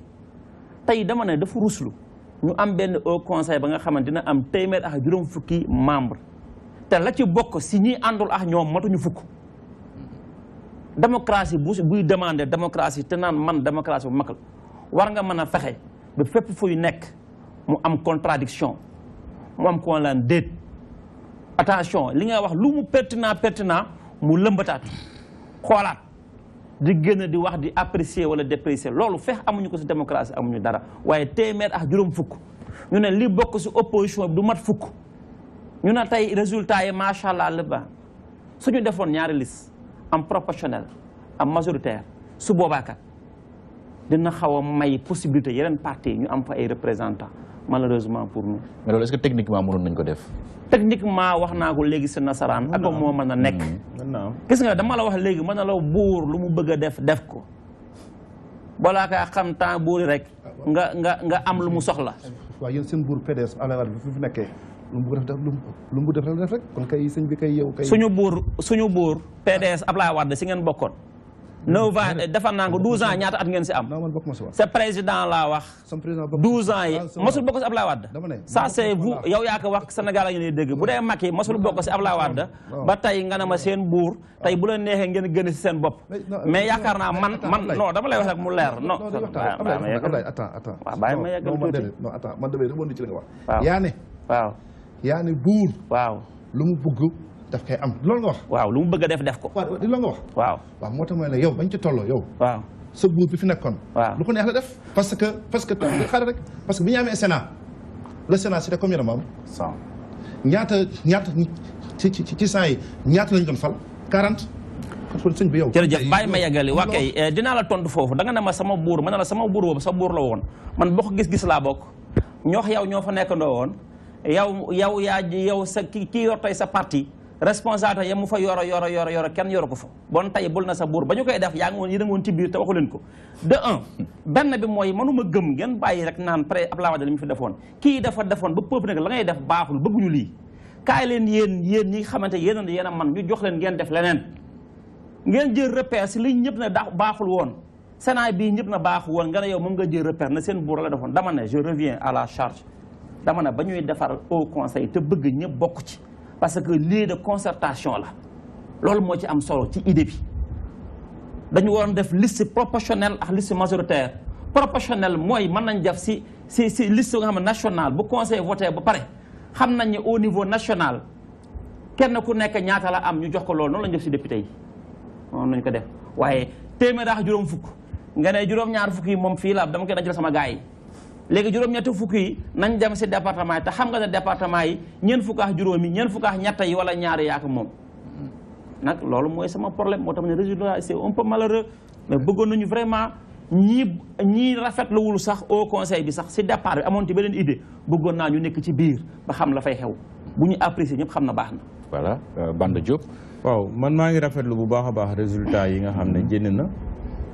yi dama ne dafa ruslu ñu am benn au conseil ba nga xam dina am téeméer ak juróom fukki membre te la ci bokk si ñi àndul ak ñoom matuñu fukk démocratie bu buy demandé démocratie te naan man démocratie bu mag la war nga mën a fexe ba fépp fuy nekk mu am contradiction mu am ko laan déet attention li nga wax lu mu pertinent pertinent mu lëmbataat xoolaat di génn di wax di apprécier wala déprécier loolu feex amuñu ko si démocratie amuñu dara waaye téeméer ak juróom fukk ñu ne li bokk si opposition bi du mat fukk ñu ne tey résultat yi macha allah la ba suñu defoon ñaari lis am proportionnel am majoritaire su boobaakat dina xaw a may possibilité yeneen parti ñu am fa ay représentant malheureusement pour nous. mais loolu est-ce que techniquement nañ ko def. techniquement wax naa ko léegi si nasaraan ako moo mën a nekk gis nga dama la wax léegi mën na la buur lu mu bëgg a def def ko balaa kaa xam temps buuri rek nga nga am lu mu soxla waaw yéen buur PDS alawaat bi lu mu def def lu mu yow kay suñu buur suñu buur PDS Ablaye Wade si ngeen bokkoon neuf ans defar naa ans ñaata at ngeen si am. non président laa wax. son bokk si Abdoulaye Wade. dama ne ça c'est vous yow yaa wax Sénégal a ngi lay bu dee Macky mosul bokk si Abdoulaye Wade. ba tey nga ne ma seen buur tey bu la neexee ngeen si seen bopp. mais yaakaar naa man man dama lay wax rek mu leer non. non buur. lu mu bëgg. daf kay am loolu nga wax. waaw lu mu bëgg a def def ko. waaw di loolu nga wax. waaw waaw moo tax ma ne yow bañ ci tolloo yow. waaw sa fi nekkoon. lu ko neex la def. parce que parce que parce que bi ñu amee Sénat le Sénat c'était combien de ñaata ñaata ci ci ci yi ñaata lañ doon fal quarante. kon sëñ bi yow. jërëjëf bàyyi ma yeggali waa kay eh, dinaa la tontu foofu danga ne ma sama buur ma ne la sama buur boobu sa buur la woon man bokk gis-gis laa bokk ñoox yow ñoo fa nekkandoo woon yow yow yaa yow sa ki yor tey sa parti responsable ya mu fa yoro yoro yoro yoro ken yoro ko fa bon tay bul na sa bour bañu koy def ya ngi woon yéen a ngi woon ci biir te waxu ko de un ben bi moy manuma gem ngeen bàyyi rek nan pré Abdoulaye Wade li mu fi defone ki dafa defone ba peuple nag la ngay def baaxul bëgguñu li kay leen yeen yeen ñi xamanté yeen a yeen man ñu jox leen ngeen def leneen ngeen jël repère ci li ñëpp ne baxul won Sénat bi ñepp na baaxul won nga yow moom nga jël repère na sen bour la defone dama ne je reviens à la charge dama ne bañuy defar au conseil te bëgg ñepp bokku ci parce que lieu de concertation là, loolu mo ci am solo ci idée bi dañu won def liste proportionnelle ak liste majoritaire proportionnelle moy man nañ def si si liste nga xam national. bu conseil voter, ba paré xam nañ ni au niveau national kenn ku nek ñaata la am ñu jox ko loolu non la ñu def si député yi noonu lañu ko def waaye téeméer ak juróom fukk nga ne juroom ñaar fukk yi mom fi la dama ko dajal sama gaay yi léegi juroom ñatt fukk yi nañ dem ci département yi xam nga ne département yi ñeen fukk ak juroom yi ñeen fukk ak ñatt yi wala ñaar yaak mom nak loolu moy sama problème motam tax ne résultat c'est un peu malheureux mais bëggoon nañu vraiment ñi ñi rafet lu wul sax au conseil bi sax ci départ bi amoon ci idée bëggoon naa ñu nekk ci biir ba xam la fay xew bu ñu apprécier ñep xam na baax na voilà euh, bande job waaw man ma ngi rafet lu bu baaxa baax résultat yi nga xam ne génn na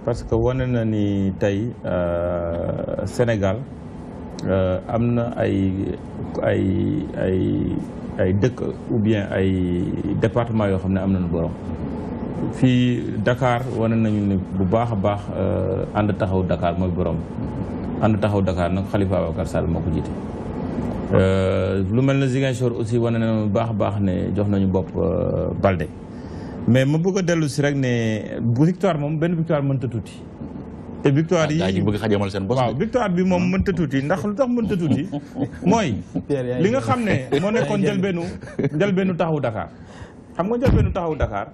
parce que wane na ni euh Sénégal Euh, am na ay ay ay ay dëkk ou bien ay département yoo xam ne am nañu borom fii Dakar wane nañu ne bu baax a baax euh, ànd taxaw dakaar mooy borom ànd taxaw Dakar nag Khalifa Ababacar Sall moo ko jiite. Euh, lu mel ne Ziguinchor aussi wane na baax a baax ne jox nañu bopp Balde mais ma bëgg a dellu si rek ne bu victoire moom benn victoire mënta tuuti. te victoire ah, yi daañu bëgg xajamal seen bopp waaw victoire bi moom mënta tuuti ndax lu tax mënta tuuti mooy li nga xam ne moo nekkoon njëlbeenu njëlbeenu taxawu dakaar xam nga njëlbeenu taxawu dakaar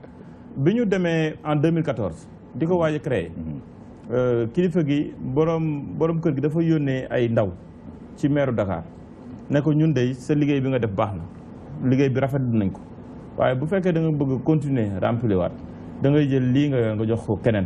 bi ñu demee en 2014 di ko waaj a créé mhm. euh, kilifa gi borom borom kër gi dafa yónnee ay ndaw ci meeru Dakar ne ko ñun de sa liggéey bi nga def baax na liggéey bi rafetlu nañ ko waaye bu fekkee da nga bëgg continuer remplir waat da ngay jël lii nga nga jox ko keneen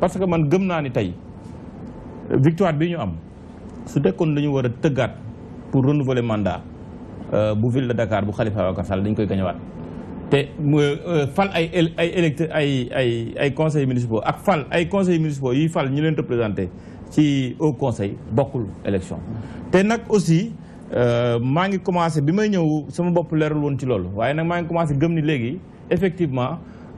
parce que man gëm naa ni tey victoire bi ñu am su fekkoon dañu war a tëggaat pour renouveler mandat euh, bu ville de dakaar bu Khalifa Ababacar Sall dañ koy gañewaat te euh, euh, fal ay ay électeurs ay ay ay conseils municipaux ak fal ay conseil municipaux yuy fal ñu leen représenté ci au conseil bokkul élection te nag aussi maa ngi commencé bi may ñëw sama bopp leerul woon ci loolu waaye nag maa ngi commencé gëm ni léegi effectivement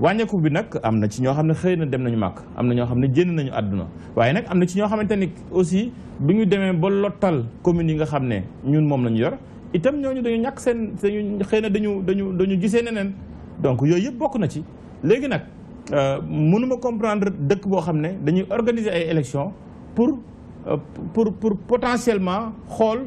wàññeeku bi nag am na ci ñoo xam ne xëy na dem nañu màkk am na ñoo xam ne génn nañu àdduna waaye nag am na ci ñoo xamante ni aussi bi ñu demee ba lottal commune yi nga xam ne ñun moom lañu yor itam ñu dañu ñàkk seen dañu xëy na dañu dañu dañu gisee neneen donc yooyu yëpp bokk na ci léegi nag euh, mënuma comprendre dëkk boo xam ne dañuy organiser ay élections pour euh, pour pour potentiellement xool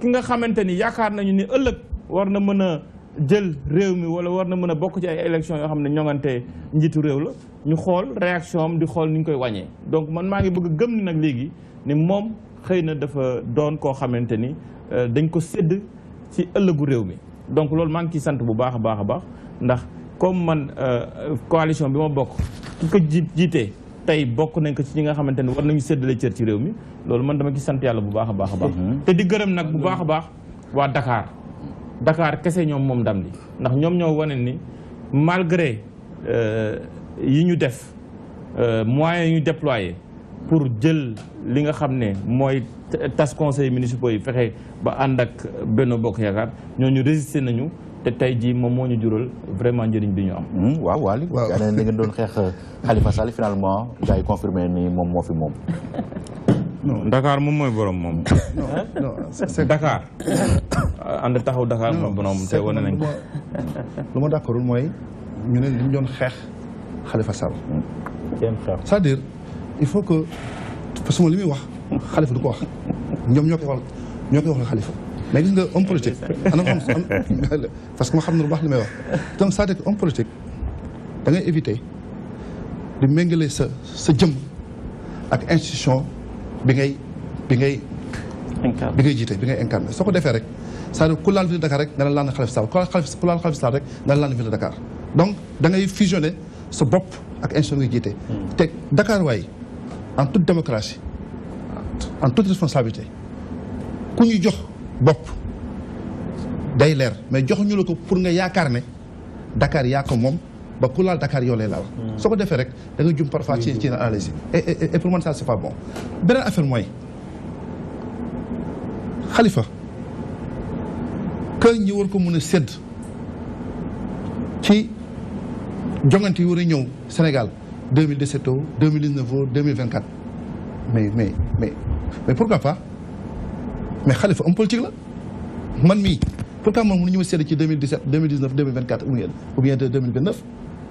ki nga xamante ni yaakaar nañu ni ëllëg war na mën a jël réew mi wala war na mëna a ci ay élection yo xamné ñonganté njitu réew la ñu xol réaction di xol ni ngui koy wañé donc man ma ngi bëgg gëm ni nak légui ni mom xeyna dafa doon ko xamanteni ni euh, dañ ko sédd ci ëllëgu réew mi donc lool ma ngi ci sante bu baaxa baaxa baax ndax comme man euh, coalition bima bok ki ko jité tay bok nañ ko ci nga xamanteni war nañu ciir ci réew mi lool man dama ci sante yalla bu baaxa baaxa baax mm-hmm. té di gëreem nak bu baaxa baax wa Dakar Dakar kese ñoom moom ndam li ndax ñoom ñoo wane ni malgré euh, yi ñu def euh, moyens yi ñu déployé pour jël li nga xam ne mooy tas conseil municipaux yi fexe ba ànd ak Benno Bokk Yaakaar ñooñu résister nañu te tey jii moom moo ñu jural vraiment njëriñ bi ñu am. Hmm, waaw waaw li ngeen doon xeex euh, Khalifa Sall finalement gars yi ni moom moo fi moom. Dakar mom moy borom mom non non Dakar. ànd taxaw Dakar mooy borom te wane nañ ko. lu ma ñu ne li doon xeex Khalifa Sall. c'est-à-dire il faut que parce que li muy wax Khalifa du wax ñoom ñoo wax ñoo wax Khalifa. mais gis nga homme politique ana xam parce que ma xam lu baax li wax donc c'est-à-dire homme politique da ngay éviter di méngale sa sa jëm ak institution. bi ngay bi ngay. bi ngay jiite bi ngay incarné soo ko defee rek c'est-à-dire ku laal ville de Dakar rek dana laal Khalifa Sall ku laal Khalifa Sall rek dana laal ville de Dakar donc da ngay fusionné sa bopp ak institution ngay jiite. Hmm. teg Dakar waay en toute démocratie en toute responsabilité ku ñu jox bopp day leer mais joxuñu la ko pour nga yaakaar ne Dakar yaa ko moom. Bakula Dakar yo lelal. Hmm. Soko deferek, dengo jumpar de cina et Et pour moi ça c'est pas bon. Beren affaire moi. Khalifa, quand a avons commencé cette, qui, j'engagne tu réunion Sénégal 2017 ou 2019 ou 2024. Mais mais mais mais pourquoi pas? Mais Khalifa, on politique là? Manmi, pourquoi mon réunion c'est de 2017, 2019, 2024 ou bien en 2029?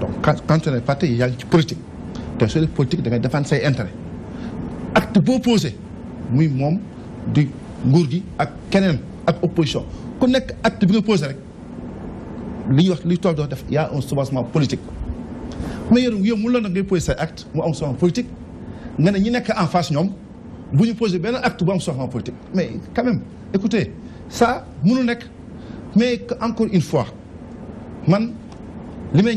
donc quand on est parti y y a politique te soo Le politique da ngay défendre ses intérêts. acte boo posé muy moom du nguur gi ak keneen ak opposition ku acte proposé nga posé rek li wax y a un soubassement politique mais yow yow mënu la nag ngay posé say acte mu am soubassement politique nga est en face de bu ñu posez benn acte bu am soubassement politique mais quand même écoutez ça mënu nekk mais encore une fois man li may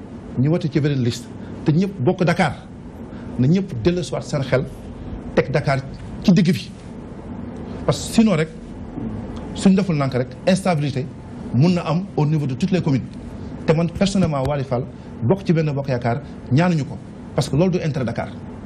ñu wote ci beneen liste te ñëpp bokk dakaar na ñëpp dellusiwaat seen xel teg dakaar ci digg bi parce que sinon rek suñ deful nank rek instabilité mun na am au niveau de toutes les communes te man personnellement Wali Fall bokk ci benn bokk yaakaar ñaanuñu ko parce que loolu du intérêt Dakar.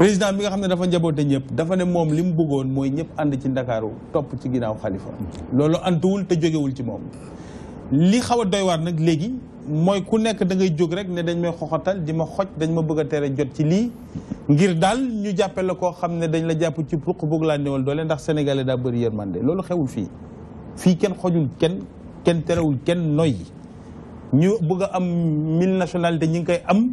président bi nga xam ne dafa njaboote ñëpp dafa ne moom li mu bëggoon mooy ñëpp ànd ci ndakaaru topp ci ginnaaw xalifa loolu antuwul te jógewul ci moom li xaw a doy nag léegi mooy ku nekk da ngay jóg rek ne dañ may xoxatal di ma xoj dañ ma bëgg a tere jot ci lii ngir daal ñu jàppe la koo xam ne dañ la jàpp ci ruq bëgg laa néewal doole ndax sénégalais daa bëri yërmande loolu xewul fii fii kenn xojul kenn kenn terewul kenn noyyi ñu bëgg a am mille nationalité ngi koy am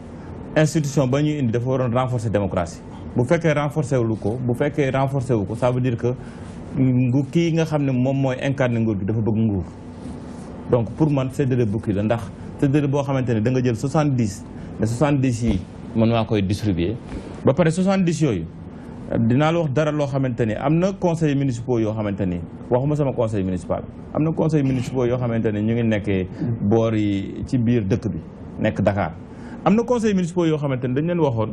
institution ba ñuy indi dafa waroon renforcer démocratie bu fekkee renforcer wu ko bu fekkee renforcer wu ko ça veut dire que ngu kii nga xam ne moom mooy incarné nguur bi dafa bëgg nguur donc pour man séddale bukki la ndax séddale boo xamante ne da nga jël 70 ne 70 yi mën maa koy distribuer ba pare 70 yooyu dinaa la wax dara loo xamante ni am na conseil municipaux yoo xamante ni waxuma sama conseil municipal am na conseils municipaux yoo xamante ni ñu ngi nekkee boor yi ci biir dëkk bi nekk Dakar am na conseil municipal yoo xamante ne dañ leen waxoon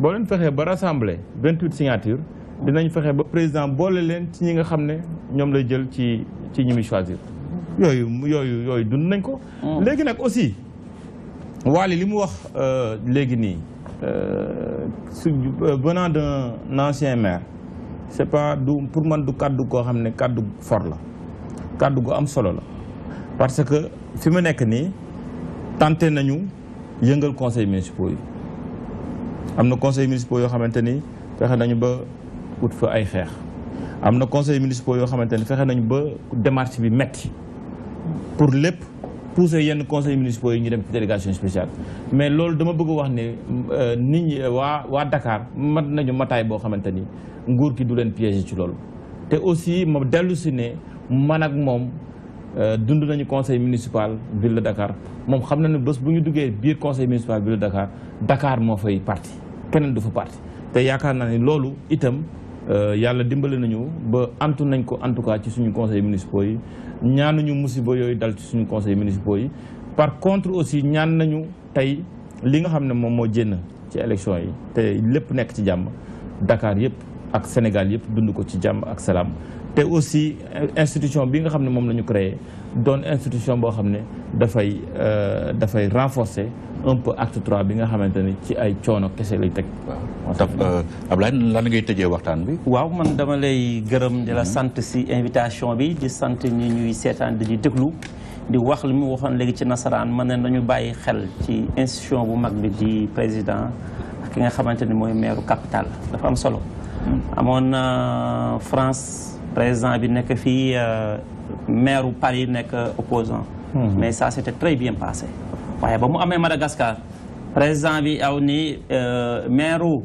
boo leen fexee ba rassembler vingt huit signature dinañ fexe ba président boole leen ci ñi nga xam ne ñoom lay jël ci ci ñi muy choisir yooyu yooyu yooyu dund nañ ko mm. léegi nag aussi Waly li mu wax euh, léegi nii euh, su euh, venant d'un ancien maire c'est pas du pour man du kàddu koo xam ne kàddu for la kàddu gu am solo la parce que fi mu nekk nii tenté nañu yëngal conseil municipaux yi am na conseil municipaux yoo xamante ni fexe nañu ba ut ay xeex am na conseil municipaux yoo xamante ni fexe nañu ba démarche bi metti pour lépp pousser yenn conseil municipaux yi ñu dem ci délégation spéciale mais loolu dama bëgg wax ne euh, nit ñi waa waa Dakar mat nañu mataay boo xamante ni nguur gi du leen piéger ci loolu te aussi ma dellu ne man ak moom Euh, dund nañu conseil municipal ville de Dakar moom xam na ne bés bu ñu duggee biir conseil municipal ville de dakaar moo fay parti keneen du fa parti te yaakaar naa ne loolu itam euh, yàlla dimbali nañu ba antu nañ ko en tout cas ci suñu conseil municipaux yi ñaanuñu musiba yooyu dal ci suñu conseil municipaux yi par contre aussi ñaan nañu tey li nga xam ne moom moo jénn ci élection yi te lépp nekk ci jàmm dakaar yëpp ak Sénégal yëpp dund ko ci jàmm ak salaam Et aussi euh, institution bi nga xam ne moom la créé doon institution boo xam ne euh, dafay renforcer un peu acte trois bi nga xamante ne ci ay coono kese lay teg. waaw tab euh, Ablaye lan ngay tëjee waxtaan bi. waaw man dama lay gërëm di la mhm. santé si invitation bi di santé ñi ñuy seetaan di déglu. di wax li mu waxoon léegi ci nasaraan mané nañu bàyyi xel ci institution bu mag bi di président ki nga xamante maire mooy maire capital dafa am solo. Mhm. amone France président bi nek fi euh, maire u Paris nek opposant mhm. mais ça c'était très bien passé waye bamou amé Madagascar président bi awni ni euh, maire u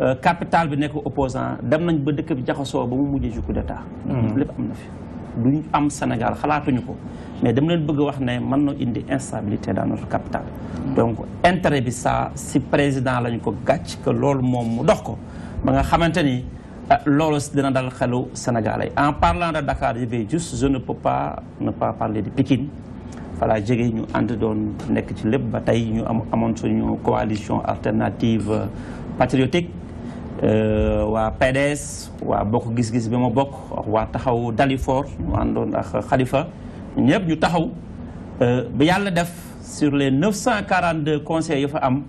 euh, capitale bi nek opposant dem nañ ba dëkk bi jaxoso ba mu mujjee coup d'état mhm. lepp am na fi duñ am Sénégal xalaatuñu ko mais dama leen bëgg wax né man no indi instabilité dans notre capitale mhm. donc intérêt bi ça si président lañ ko gatch que lool mom mu dox ko ba nga xamanteni ah, loolu dina dal xelu sénégalais en parlant de Dakar je vais juste je ne peux pas ne pas parler de Pikine voilà j'ai ñu ànd doon nekk ci lépp ba tey ñu am coalition alternative euh, patriotique euh, waa PDS ou bokk gis-gis bi bok wa waa taxaw Dalifort ñu àndoon ak Khalifa ñepp ñu taxaw euh, ba yalla def sur les 942 conseils yu fa am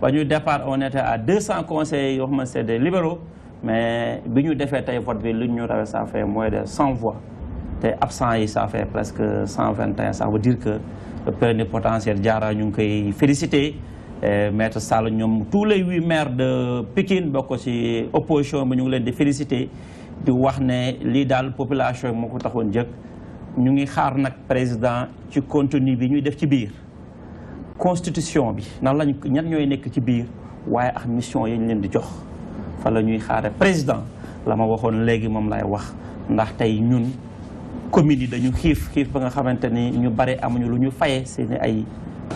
ba ñu départ on était à 200 conseillers yoo c'est des libéraux mais si nous avons fait votre ville, nous avons fait moins de 100 voix. Et absent, ça fait presque 120 Ça veut dire que le plein potentiel Diara, nous avons félicité. Maître Salon, tous les 8 maires de Pékin, nous avons aussi félicité. Nous avons fait de la population. Nous avons fait le président du contenu de la constitution. Nous avons fait la mission de la mission. fa la ñuy xaare président la ma waxoon léegi moom lay wax ndax tay ñun commune dañu xif xif ba nga xamanteni ñu bari amuñu lu ñu faye seeni ay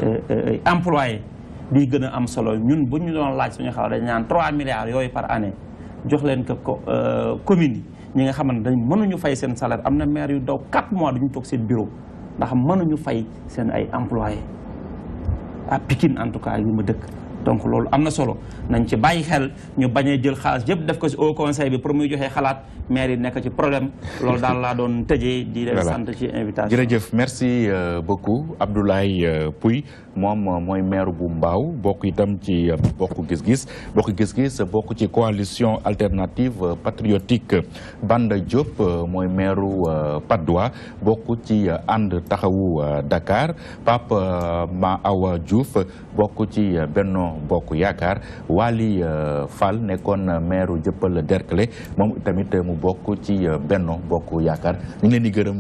euh, euh, employé di gëna am solo ñun bu ñu doon laaj suñu xaw dañ naan 3 milliards yoy par année jox leen ko euh, commune ñi nga xamante dañ mënuñu fay seen salaire amna maire yu daw 4 mois duñu tok seen bureau ndax mënuñu fay seen ay employé à Pikine en tout cas yu ma dëkk donc loolu am na solo nañ ci bàyyi xel ñu bañ a jël xaalis yëpp def ko si au conseil bi pour muy joxe xalaat maire yi nekk ci problème loolu daal laa doon tëjee di leen sant ci invitation jëf merci euh, beaucoup Abdoulaye euh, Pouy moom mooy maire bu Mbao bokk Bokuti ci euh, gis-gis bokk gis-gis bokk ci coalition alternative euh, patriotique Banda Diop euh, mooy maireu Patte d'Oie bokk ci Dakar Pape Maawa Awa Diouf bokk ci Benno Bokk Yakar, Wali Fall Nekon maire Jëppal Derkle, Mom tamit mu bokk ci Benno Bokk Yakar, ngi leen di gërëm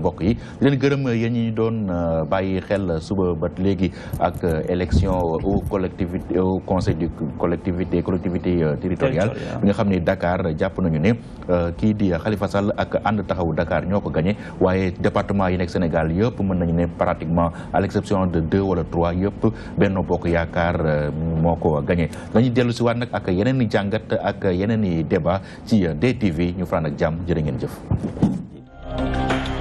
mbokk yi yeen ñi doon bayyi xel suba jàmbat légui ak euh, élection au collectivité au conseil du collectivité collectivité euh, territoriale bi nga xam Dakar japp nañu né euh, ki di Khalifa Sall ak and taxaw Dakar ñoko ko gagné waaye département yi nek Sénégal yëpp mën nañu ne pratiquement à l'exception de deux wala trois yëpp Benno Bokk yaakar moko ko gagné dañuy dellu si waat nak ak yenen ni jàngat ak yenen ni débat ci DTV ñu fanaan ak jàmm jërë ngeen jëf